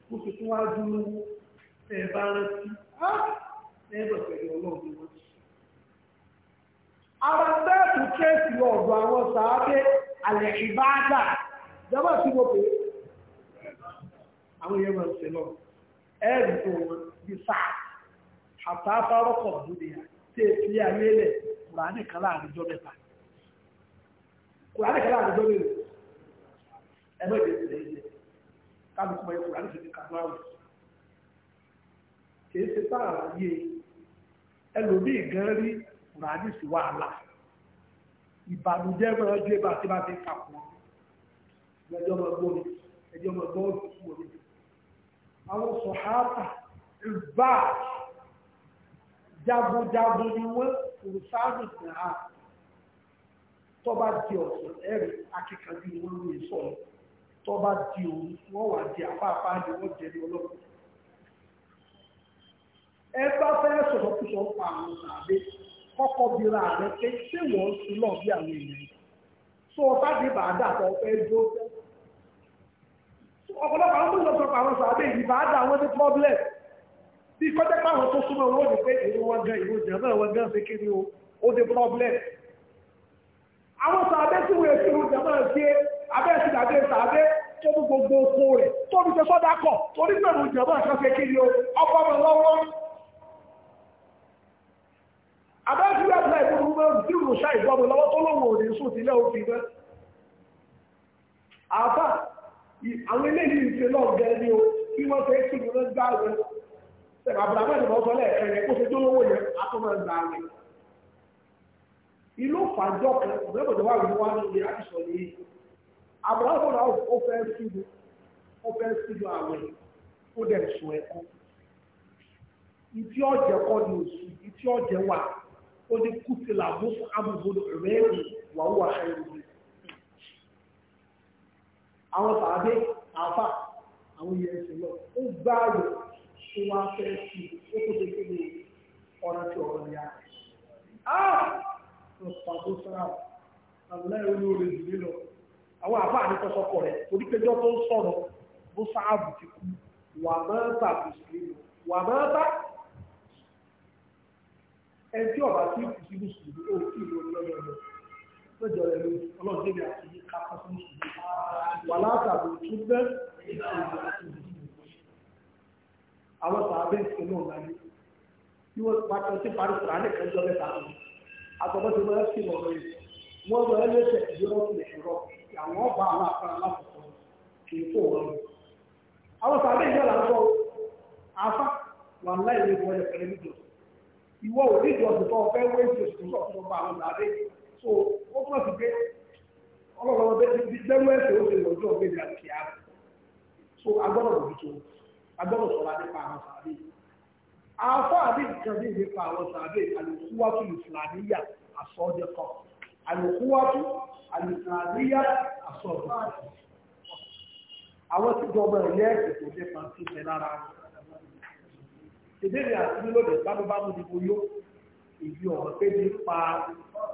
mo sì tún wá dúró ẹ̀ bá rántí ẹ̀ bọ̀ pẹ̀lú ọlọ́run wọn ara bẹ́ẹ̀ tún kéèsì ọ̀dọ̀ àwọn sàábé àwọn èèyàn máa ń ṣe lọ ẹ̀rù tó wọn bí sáà àtà afárọ́kọ̀ dúnìyà tí è fi ayé lẹ̀ kùránì kan láàrin ọjọ́ mẹ́ta kùránì kan láàrin ọjọ́ mẹ́ta ẹgbẹ́ ìdè ìdè ìdè kábùkù mọ̀ yẹ kùránì fi kàdó àwọ̀ kìí ṣe sáà yé ẹlòmíì sí wàhálà ìbànújẹ́ máa dé bá ti bá ti kà pọ̀ ẹjọ́ máa gbọ́ mi ẹjọ́ máa gbọ́ òkú mi àwọn sọ̀hábà ìbá jagunjagun ni wọ́n olùsáàdù náà tọ́ba di ọ̀sán ẹ̀rì akíkanjú ni wọ́n lè sọ̀rọ̀ tọ́ba di òun wọ́n wà di àpáàpá ni wọ́n jẹ́ ní ọlọ́pàá ẹ bá fẹ́ sọ̀rọ̀ kí sọ pa àwọn sàbẹ kọ́kọ́ bira rẹ pé ṣé wọ́n ń sin náà bí àwọn èèyàn sọ ọ́ sábẹ́ bàá dà dúró fẹ́ ọ̀pọ̀lọpọ̀ àwọn tó ń lọ sọpọ̀ àwọn sàbẹ̀ yìí bá dà wọ́n ní problem bí kọjá pàwọn tó súnmọ́ wọn ní pé ìlú wọn gan ìlú jẹ̀mọ́ wọn gan ṣe kiri o ó ní problem àwọn sàbẹ̀ tí wọ́n èsì ìlú jẹ̀mọ́ ṣe abẹ́ ẹ̀sìn àbẹ́ sàbẹ̀ tó ní gbogbo oko rẹ̀ tó ní ṣe sọ́dá kọ̀ torí pé ìlú jẹ̀mọ́ kan ṣe kiri o ọkọ̀ mi lọ́wọ́ abẹ́ ẹ̀sìn àbẹ́ ìlú mọ́ bí ìlú ṣá ìgbọ́ mi lọ́wọ́ tó lóun ò ní sùn sílẹ̀ òfin náà àwọn eléyìí ń ṣe lọ́ọ̀ gẹ́rẹ́ ní o kí wọ́n fẹ́ kí wọ́n gbá rẹ̀ sẹ̀rọ̀ àbúrámọ́ ìdìbò ọ̀sán lẹ́ẹ̀kan yẹn kó ṣe tó lówó yẹn atọ́mọ̀ gbà rẹ̀ ìlú fàájọ́ kan ọ̀gbẹ́bọ̀dọ̀ wà wíwá ní ilé àìsàn yìí àbúrámọ́ náà ó fẹ́ síbu ó fẹ́ síbu àwẹ̀ ó dẹ̀ sùn ẹ̀kọ́ ìtí ọ̀jẹ̀ kọ́ ni oṣù ìtí ọ̀jẹ̀ wà ó ní kùtìlà mú fún amúgbòdò rẹ̀ wà wà ṣẹ́yìn àwọn tàbí àfà àwọn yẹn ṣe lọ ó gbá àgbẹ̀ tí wọ́n fẹ́ sí ó tó tètè ní ọ̀rọ̀ tí ọ̀rọ̀ ní àgbẹ̀. á lọ pàtó sára àbúlá ìwé ní orí ìdílé lọ àwọn àfà àti tọ́sọkọ rẹ̀ torí péjọ tó ń sọ̀rọ̀ bó sáàbù ti kú wà máa ń bà kò sí lọ wà máa bá ẹjọ́ ọ̀bá tí kò sí lùsùlùmí ó kí ìlú ọlọ́yọ̀ọ́ lọ́jọ́ rẹ̀ lójú ọlọ́dún wà látàbí àwọn sàbẹ̀ ìṣẹ̀lẹ̀ ọ̀la ni tí wọ́n pàtó sí parí kùránì kan jọ mẹ́ta lọ àtọ̀bọ̀ tí wọ́n sì lọ́rọ̀ yìí wọ́n lọ ẹlẹ́sẹ̀ ìdúró ti ẹ̀rọ àwọn ọba àwọn afárá lápapọ̀ kì í fò wọn. àwọn sàbẹ̀ ìṣẹ̀lẹ̀ àtọ̀ afá wà ìjọ ọlọ́run ọbẹ̀ ti fi dẹ́wọ́ ẹ̀sẹ̀ ó ṣe lọ́jọ́ ọ̀gbẹ́ ìgbà kí á so agbọ́dọ̀ lòdì tó agbọ́dọ̀ sọ̀rọ̀ nípa àwọn sàbẹ̀ àáfà àbí nǹkan bí nípa àwọn sàbẹ̀ àlùkúwàtú ìfìlàníyà àsọdẹkọ àlùkúwàtú àlùfìlàníyà àsọdẹkọ àwọn tí jọba ẹ̀yẹ ètò nípa ti fẹ́ lára ìbéèrè àti nílòdì bámúbámú ni mo yó ìbí ọ̀rọ̀ pé nípa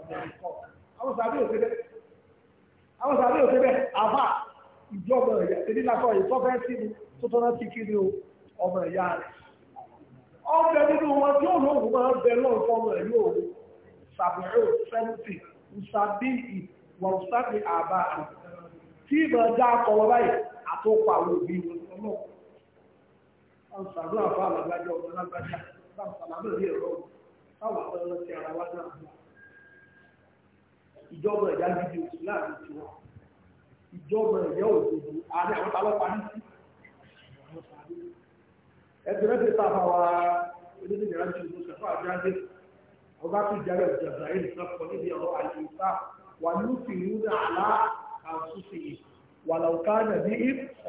ọ̀dẹ̀kọ àwọn sàbẹ̀ òṣèlè àwọn sàbí òfin bẹ́ẹ̀ àbá ìjọba ẹ̀yà tẹ́lí lakọ ìtọ́fẹ́ sí ni tó tọ́ná sí kiri o ọmọ ẹ̀yà rẹ̀ ọbẹ̀ nínú wọn tí ó lóògùn máa ń bẹ lọ́ọ̀ fọmọ ẹ̀ yóò sàbẹ̀rẹ̀ sẹ́ńtì ìsàbí ìwọ̀nsàbí àbá tí ìmọ̀ ẹja akọ̀wọ́ báyìí àtọ́kọ̀ àwọn òbí wọn lọ́wọ́ àwọn sàbí àbá alágbájá ọmọ alágbájá bá sàlámù rí ẹ̀rọ táwọn ọ̀rọ̀ ti ara wá náà ìjọba ẹ̀yà gidi láàrin tiwọn ìjọba ẹ̀yẹ́ òṣèlú ààrẹ àwọn talọ́pàá ní sí ẹgbẹ́ rẹ̀ ti ta àfàwà onídìí ìrìn àjò ìlú sẹ́fọ́ àjáde ọba tó jẹ́rẹ̀ ìjọba ẹ̀yẹ́ ìsọ́kọ̀ níbi ọ̀rọ̀ àyíká wà lófin ní àlá àtúnṣe wà láwùká náà ní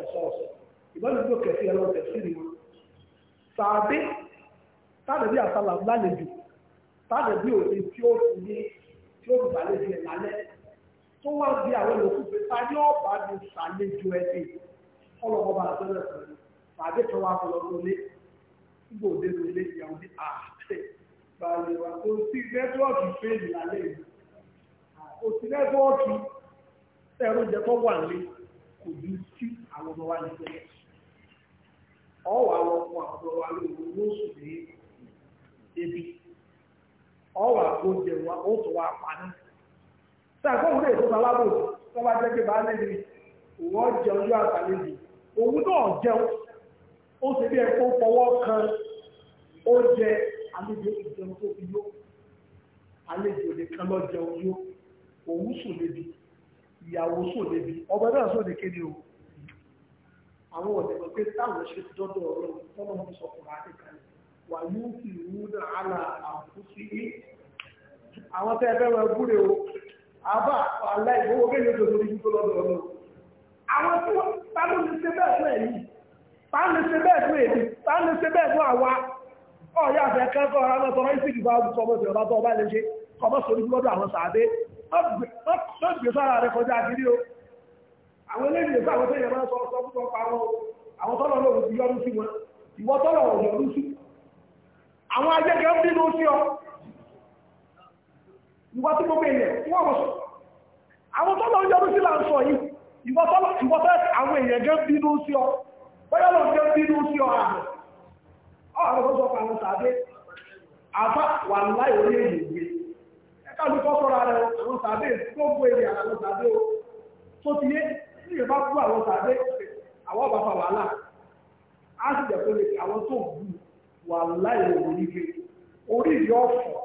ẹ̀sọ̀ọ̀sọ̀ ìbálòpọ̀ kẹfì ẹ̀rọ tẹ̀sí ni wọn sàbí tàbí àtàlà lálejò tàbí òde tí ó fi ní tí ó fi bàlẹ́ tó wá bí àwọn olùkú pé ta ní ọ̀bá ní ṣàlejò ẹni ọlọ́wọ́ bá tẹ́lẹ̀ pẹ̀lú tàbí kan wá fọlọ́ lólé gbò dé lólé ìyàwó ní àṣẹ balẹ̀ wà tó sí nẹ́tíwọ́ọ̀kì fèèlì lálẹ́ yìí kò sí nẹ́tíwọ́ọ̀kì ẹ̀rọ ìjẹ́kọ́ wà ní kò ní sí àwọn ọmọ wa nìkan ọwọ́ àwọn ọmọ àwọn ọmọ wa lóòrùn lóṣù ní ebi ọwọ́ àgbóúnjẹ wa ó tún wá pa náà lè tó balábò tó bá jẹ́ pé bá lẹ́nu wọ́n jẹ ọjọ́ àtàlejò òun náà jẹun ó sì bí ẹ̀kọ́ fọwọ́ kan ó jẹ àlejò ìjẹun tó fi yó àlejò nìkan lọ jẹun yó òun sùn lébi ìyàwó sùn lébi ọmọ náà sùn kéde o àwọn ọ̀dẹ̀gbọ́n pé táwọn ṣe dọ́dọ̀ ọ̀rọ̀ tọ́lọ́ mú sọ fún àti kan wà ní ìlú náà àlà àkúsí àwọn tẹ́ ẹ fẹ́ wọn gúre o àbá àlá ìgbówó kéde tó torí kí tó lọ́dọ̀ ọ̀nà àwọn tí wọ́n tá ló lè ṣe bẹ́ẹ̀ fún ẹ̀yìn tá lè ṣe bẹ́ẹ̀ fún èdè tá lè ṣe bẹ́ẹ̀ fún àwa ọ̀yà àfẹ́ kẹ́kọ̀ọ́ ara náà tọrọ ìsìnkú bá ọdún sọmọ sí ọba tó ọba lè ṣe kọmọ sórí lọ́dọ̀ àwọn sàádé lọ́gbẹ̀ sára rẹ̀ kọjá kiri o àwọn eléyìí sí àwọn tẹ́yẹ̀ máa sọ sọ fún ọpa wọn àwọn tọ́lọ̀ lọ́wọ́ ti yọrù sí wọn ìwọ tọ́lọ̀ ọ̀yọ̀rù sí àwọn ajẹ́gẹ́ ń bínú sí ọ ìwọ tí gbogbo èèyàn wọ́n mọ̀ sọ àwọn tọ́lọ̀ ń yọrù sí là ń sọ yìí ìwọ tọ́lọ̀ ìwọ tọ́lọ̀ àwọn èèyàn gẹ́ bínú sí ọ bóyá lọ gẹ́ bínú sí ọ àmì ọ̀rọ̀ tó sọ pàrọ̀ sàdé àfà wà láì orí èyí gbé ẹ̀ka ló kọ́ sọ́ra rẹ̀ àwọn sàdé gbogbo èèyàn àwọn sàdé o tó ti yé ní ìbá kú àwọn sàdé àwọn ọba fa wàhálà á sì jẹ́ pé àwọn tó wù wà láì orí gbé orí ìyọ́ ọ̀fọ̀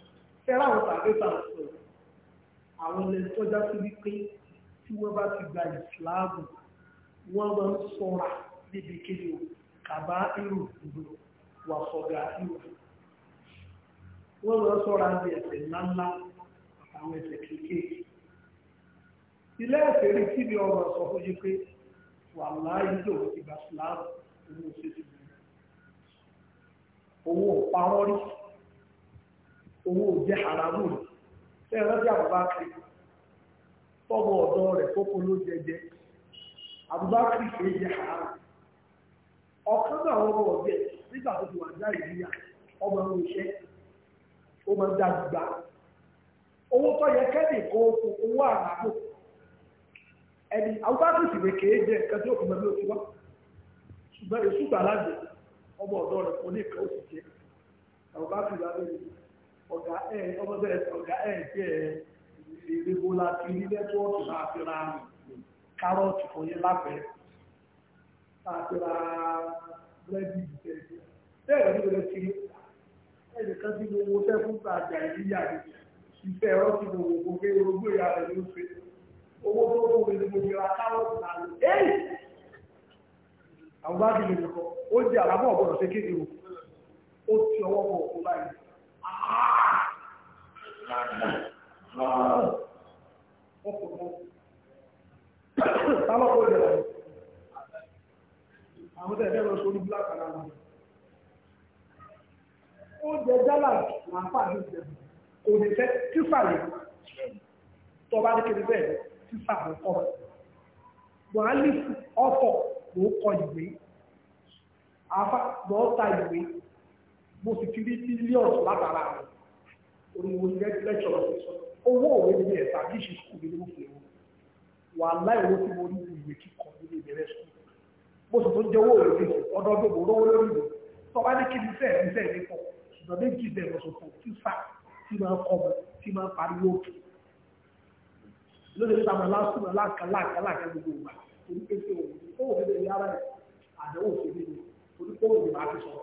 fẹ́ràn àwọn tàbí sàǹsọ̀ àwọn ilẹ̀ tọ́já sí wípé tí wọ́n bá ti gba ìsìláàmù wọ́n máa ń sọ́ra níbi kíni o kàbá irú ìgbò wà sọ̀gà irú wọ́n máa ń sọ́ra ní ẹ̀ṣẹ̀ ńláńlá àtàwọn ẹ̀ṣẹ̀ kéékèèké ilé ẹ̀ṣẹ̀ rí kí ni ọ̀rọ̀ sọ fún yí pé wà láàyè lòun ti gba ìsìláàmù òun ò ṣe ti owó òjẹ́ haramu rẹ̀ ṣe é rántí àbúbákiri fọ́mọ ọ̀dọ́ rẹ̀ kókó ló jẹjẹ àbúbákiri kì í jẹ haramu ọ̀kan náà wọ́n mọ̀ ọ̀gbẹ́ nígbà tó ti wà dá ìdíyà ọmọ ọmọ iṣẹ́ ó máa ń dá gbà owó yẹ kó owó àràbò ẹni sì kéé jẹ ti wá ṣùgbọ́n èṣù gbà lágbè ọmọ ọ̀dọ́ rẹ̀ kò ní ìkà ọ ẹ̀ ọmọ bẹ̀rẹ̀ ọ̀gá ẹ̀ jẹ́ ìrìnbó láti rí nẹ́tíwọ́ọ̀tì ti ẹnì kan tí mo wo fẹ́ fún gbàgbà ìyá rẹ̀ na ẹ̀rọ tí mo wò gbogbo orogún ìyá ọ o Tálọ́pọ̀ ìjọba. Àwọn tẹ̀lé lọ sórí bíláàkì náà. Ó jẹ jálà láǹfààní ìjẹ̀bù. Kò ní fẹ́ tífà lè. Tọba ní kiri bẹ́ẹ̀ tífà ló kọ́. Bọ̀hálì ọ̀fọ̀ ló kọ ìwé. Àfà lọ́ọ́ ta ìwé mo sì ti rí bílíọ̀nù látara rẹ̀ oníwo lẹ́kṣọ̀ ọ̀sẹ̀ sọ owó òwe ní ẹ̀ta bí ṣe sùkúl mi ló fi wọn wà láì owó tí mo ní ìwé kíkọ nílé ìbẹ̀rẹ̀ sùkúl mo sì tó jẹ owó òwe fi ọdọọdún mo lówó lórí ìlú tọ́ba ní kíni sẹ́ẹ̀ ní sẹ́ẹ̀ nípọ̀ ṣùgbọ́n méjì bẹ̀rẹ̀ sọ̀tọ̀ tí sá tí máa kọ́ mọ́ tí máa pariwo òkè lóde níta máa lásùn náà láǹkà láǹkà láǹkà gbogbo ìgbà torí pé ṣé òun ò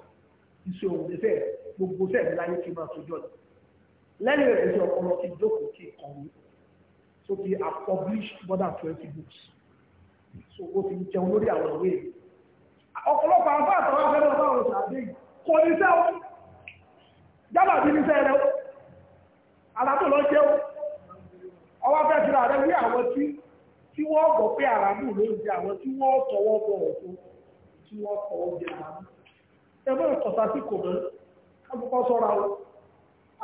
iṣẹ́ òun ìfẹ́ gbogbo sẹ́ẹ̀mí láyé kí máa tó jọ́ni lẹ́yìn rẹ̀ ṣe ọpọlọ ti jókòó kí kọ̀wé so ti a publish more than twenty books so o ti jẹun lórí àwọn ìwé ọ̀pọ̀lọpọ̀ àwọn fáàtà wá fẹ́ràn fáwọn ìṣàdé kò ní o jábà bí ní sẹ́rẹ̀ o ara tó lọ jẹ́ o ọwọ́ fẹ́ fi rà rẹ wí àwọn tí tí wọ́n gbọ́ pé àràmù ló ń jẹ àwọn tí wọ́n tọwọ́ bọ̀ ọ̀tún tí wọ́n tọwọ́ jẹ ẹgbẹ́ ọ̀tọ̀ta sí kò mọ́ akọ́kọ́ sọ́ra o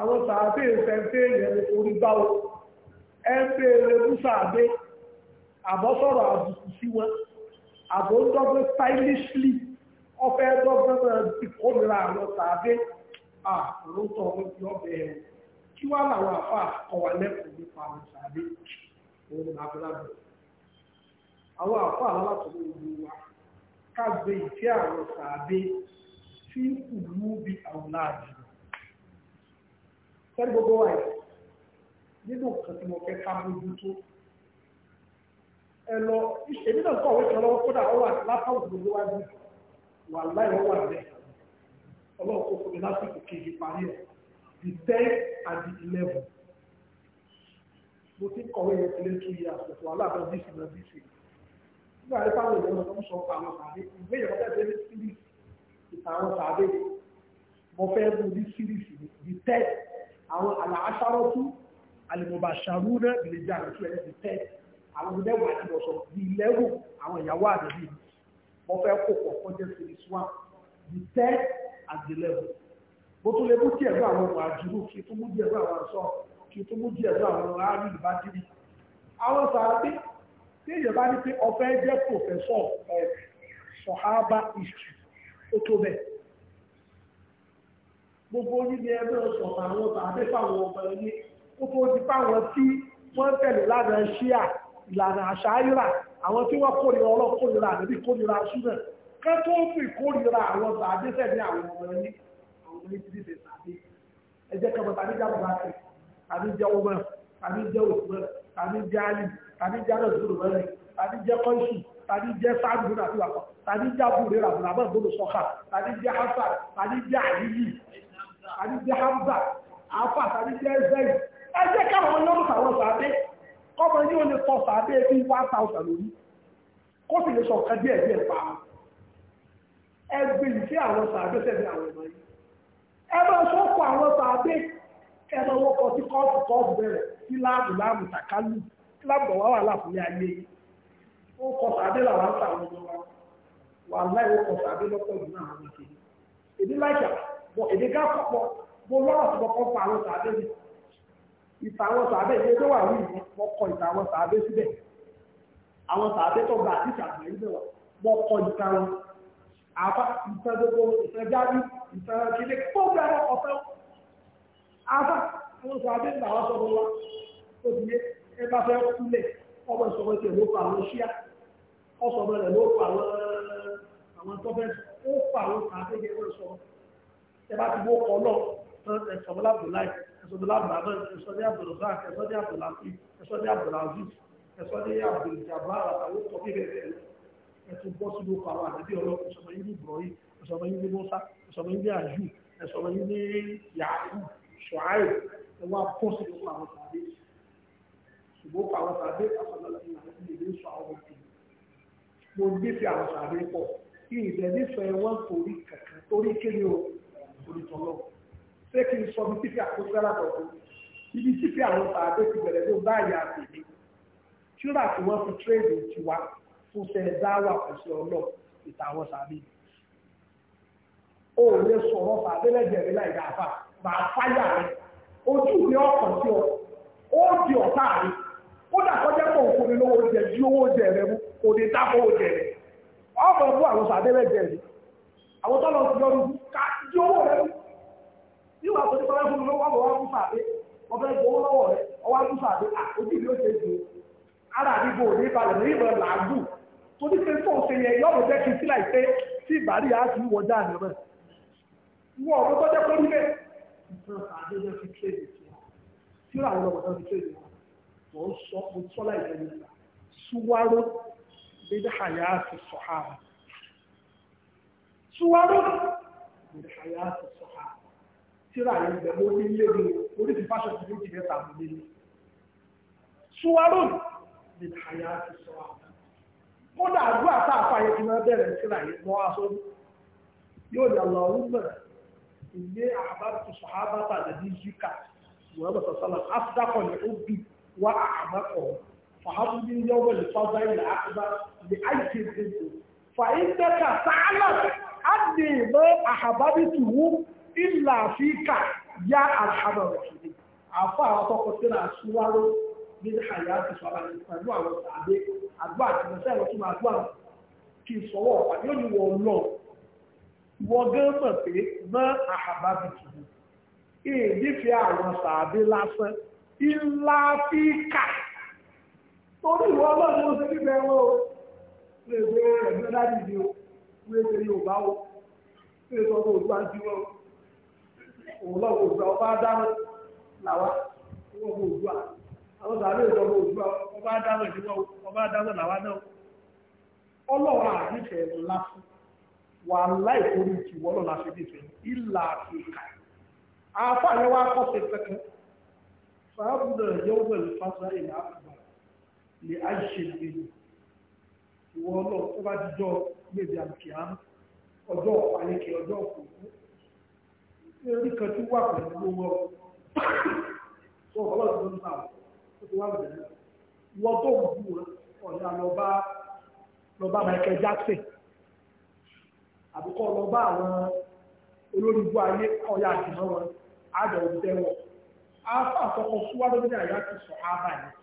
àwọn sàáfẹ́ ìfẹ́ǹfẹ́ yẹn lè forí bá o ẹ ń béèrè búṣà àbẹ àbọ́sọ̀rọ̀ àbùkù sí wọn àbò ń dọ́gbọ́n stylishly ọfẹ́ dọ́gbọ́n náà ti kórìíra àwọn sàáfẹ́ àrùntọ̀ ọbẹ̀ ẹ̀ kí wá làwọn àfa àkọwà lẹ́kọ̀ọ́ nípa àwọn sàáfẹ́ òun ni àbúrábẹ̀ àwọn àfa àwọn alátọ̀wé ìlú wa ká gbé ìfẹ́ àwọn sàáfẹ́ fi kùlú bí àwọn àjò sẹ́ni gbogbo wa yìí nínú nǹkan tí mo fẹ́ ká mójú tó ẹ lọ èmi náà kọ̀ wípé ọlọ́wọ́ kódà ọ wà lápá òdòdó wa bí wà láì ọ wà bẹ́ẹ̀ ọlọ́wọ́ kó fún mi lásìkò kejì parí ẹ̀ the ten and the eleven mo ti ń kọ̀wé yẹn tilé two years ọ̀tọ̀ aláàbọ̀ bísí náà bísí nígbà yẹn fáwọn èèyàn lọ́wọ́ sọ fún àwọn àlè ìwé ìrọ̀lẹ́ bẹ́ẹ̀ ní sílíì ìtàwọn sàbẹ̀ mo fẹ́ mú ní síríìsì ní tẹ́ àwọn àlàáṣárọ́tú àlèmọ̀bà ṣàrúnà ìlẹ́jà àti ẹ̀ ní tẹ́ àwọn ìdẹ́wà àti ọ̀sọ̀ ní ilẹ́rù àwọn ìyàwó àdàbí mo fẹ́ kó pọ̀ kọjá síríìsì wa ní tẹ́ àdìlẹ́rù bó tún lè mú díẹ̀ bá àwọn ọmọ àjùrú kí tó mú díẹ̀ bá àwọn àṣọ kí tó mú díẹ̀ bá àwọn àárín ìbádìrí àwọn sàbẹ̀ tí èèyàn bá ní pé ọ̀fẹ́ jẹ́ pòfẹ́sọ̀ ẹ̀ sọ̀hábà history ó gbogbo níbi ẹgbẹ́ ọ̀sán àwọn tàbí fáwọn ọ̀gbọ̀n ní ó ti fáwọn tí wọ́n tẹ̀lé lánàá ṣíà ìlànà àṣàyíra àwọn tí wọ́n kórìíra ọlọ́kórìíra àbí kórìíra ṣúnà kẹ́ tó fi kórìíra àwọn tàbí sẹ́ni àwọn ọmọ ní àwọn ní ti ṣe tàbí ẹjẹ́ kẹfọ tàbí jábọ̀ bá kẹ tàbí jẹ́ ọmọ tàbí jẹ́ òṣùwọ̀n tàbí jẹ́ àlì tàbí jẹ́ àdọ̀sọ̀rọ̀ mẹ́rin tàbí jẹ́ kọ́ńṣù tàbí jẹ́ sáàdù náà fi wàkọ̀ tàbí jẹ́ àbúrò rà bùnà bẹ́ẹ̀ gbọ́dọ̀ sọ́kà tàbí jẹ́ hasan tàbí jẹ́ àyíyí tàbí jẹ́ hamza afa tàbí jẹ́ zayn ẹ jẹ́ káwọn ọmọ yọrù sàwọn sàdé ọmọ yìí ò lè tọ́ sàdé bí one thousand lórí kó sì lè sọ nǹkan díẹ̀ díẹ̀ pa ẹ gbé ìfẹ́ àwọn sàdé sẹ́ni àwọn ọmọ yìí ẹ máa sọ́kọ̀ àwọn sàdé ayé yìí ó kọ sàbí làwọn ń sàwọn ọmọ wa wà láì ó kọ sàbí lọ́pọ̀ ìlú náà àwọn ìṣe èdè láìsà bọ̀ èdè gá pọ̀pọ̀ bó lọ́rọ̀ tó kọ́ pa àwọn sàbẹ̀ mi ìtàwọn sàbẹ̀ ilé tó wà wí mọ́ kọ ìtàwọn sàbẹ̀ síbẹ̀ àwọn sàbẹ̀ tó gba àti ìṣàgbẹ̀ níbẹ̀ wà mọ́ kọ ìtàwọn àfa ìtàn gbogbo ìtàn jáde ìtàn kéde tó gbára ọ̀fẹ́ àfa àwọn sàbẹ̀ ń bà wá bá fẹ́ kúlẹ̀ ọmọ ìṣọ̀rọ̀ tẹ̀ àwọn ṣíà ọsọ bẹ̀rẹ̀ ló pa àwọn àwọn tó fẹ́ ó pa àwọn kàáfẹ́ jẹ́ wọ́n sọ ẹ bá ti bó kọ́ lọ ẹ̀sọ̀bọ̀lá abdullahi ẹ̀sọ̀bọ̀lá abdullahi ẹ̀sọ̀dé abdullahi ẹ̀sọ̀dé abdullahi ẹ̀sọ̀dé abdulaziz ẹ̀sọ̀dé abdulljabbar àtàwọn tó fi bẹ̀rẹ̀ ẹ̀tún bọ́ sí ló pa àwọn àdébí ọlọ́pàá ìṣọ̀mọ̀ yìí ní ibrahim ìṣọ̀mọ̀ yìí ní musa ìṣọ̀mọ̀ yìí ní ayub ẹ̀sọ̀rọ̀ yìí ní yàáhù ṣọ̀áì ẹwà pọ̀ sí lókun àwọn tàbí ṣùgbọ́n àwọn tàbí àfọlọ́lá ní àwọn ilé ìlú sọ àwọn ọmọ mo gbèsè àwọn sàbẹ pọ kí ìdẹ́nífẹ̀ẹ́ wọn torí kankan torí kéde o torí tọ́lọ́ ṣé kí n sọ bí títí àkóso alákọ̀ọ́kọ́ ibi títí àwọn sàbẹ ti bẹ̀rẹ̀ ló bá yà tèmi tíra tí wọ́n fi tírèdì tiwa fún sẹ́ẹ̀ dáwà kò sí ọlọ́ ìtàwọn sàbẹ o lè sọ̀rọ̀ fàdélẹ́jẹ̀ rẹ láì dáfà máa fáyà rẹ ojú mi ọkàn sí ọ ó di ọ̀tá rẹ ó dàkọ́jẹ́ pọ̀ òfin lówó jẹ ju owó jẹ rẹ mú òde tápọ̀ òjẹ̀rẹ̀ ọ̀pọ̀ àwọn sàdẹ́lẹ̀ jẹ̀rẹ̀ àwọn tọ́lọ̀ ti lọ́rù ká jí owó rẹ̀ níwà tó ti pẹ́lẹ́ fún mi lọ́wọ́ fún sàdé ọbẹ̀ gbowó lọ́wọ́ rẹ̀ ọwọ́ fún sàdé àkójú ìlú ṣe jù ara àdìgbò ní balẹ̀ ní ìmọ̀ làágù tó pé tó ń yẹn yọ̀rọ̀ jẹ́ بدحياة الصحابة صور بدحياة الصحابة ترى يبدو من يدي ولد فاشل في بيتي بيتعب مني صور بدحياة الصحابة kódà àdúrà tá a fa yẹn ti máa bẹ̀rẹ̀ síra yìí mọ́ aṣọ yóò ní Allahumma inni ahbabtu sahabata nàbí zika Muhammad sallallahu alaihi wasallam فحمد يوم الفضل الأكبر لأجل الإنسان فإنك تعلم أني ما أحببته إلا فيك يا أرحم الراحمين àfa àwọn tọkọ síra aṣíwárò ní àyà ti sọ àbáyé pẹ̀lú àwọn tàbí àgbà àtìmọ́sẹ́ ẹ̀rọ tó máa gbà kí ìsọwọ́ ọ̀pá yóò ní wọ́n lọ wọ́n gán mọ̀ pé mọ́ àhàbá bí tìbú èdè fi àwọn tàbí lásán ńlá fíkà torí ìwọ ọlọ́run ló ṣe bíbẹ wọn o lè gbé rẹ̀ ní láti di o wọ́n ṣe ní òbá o nwere sọ pé òṣùwà ń diwọ́ òun lọ́wọ́ òṣùwà ọba dáná làwa wọ́n fọ òṣùwà àwọn sàbẹ̀ ìjọba òṣùwà ọba dáná ìdíwọ́ ọba dáná làwa náà àríṣẹ́ ńlá fún wà dìfẹ́ ìlà àfíkà kọ́ lè àìṣe ìrìnà ìwọ ọlọ́run tó bá jíjọ gbèdé àmìkìyàn ọjọ́ àlékè ọjọ́ òkùnkùn ní kan tí wà pẹ̀lú wọn tó ọlọ́run tó ń bá tó ti wà bẹ̀rẹ̀ ìwọ tó ń bú ọ̀yà lọ́ba lọ́ba Michael Jackson àbíkọ́ lọ́ba àwọn olórí ibú ayé ọ̀yà àtìmọ́ wọn àjọ òun tẹ́wọ̀ afọ àtọkọ fúwádọ́gbẹ́dẹ́ àyà ti sọ ábà yìí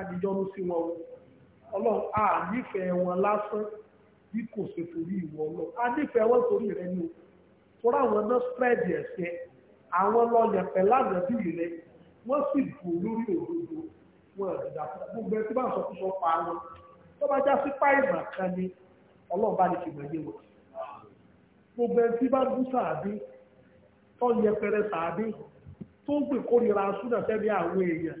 àdìjọ́nú sí wọn o ọlọ́run a nífẹ̀ẹ́ wọn lásán bí kò ṣe torí ìwọ ọlọ́run a nífẹ̀ẹ́ wọn torí rẹ ni o torí àwọn náà spread ẹ̀sẹ̀ àwọn lọ yẹ̀pẹ̀ lánàá bí rẹ wọ́n sì bò lórí òdodo wọn àdìdà gbogbo ẹ tí bá ń sọ fún sọ pa wọn tó bá já sí páìmà kan ni ọlọ́run bá ní kìmọ̀ yé wọn gbogbo ẹ tí bá ń bú sàádé tó yẹpẹrẹ sàádé tó ń pè kórìíra súnà sẹ́ni àwọn èèyàn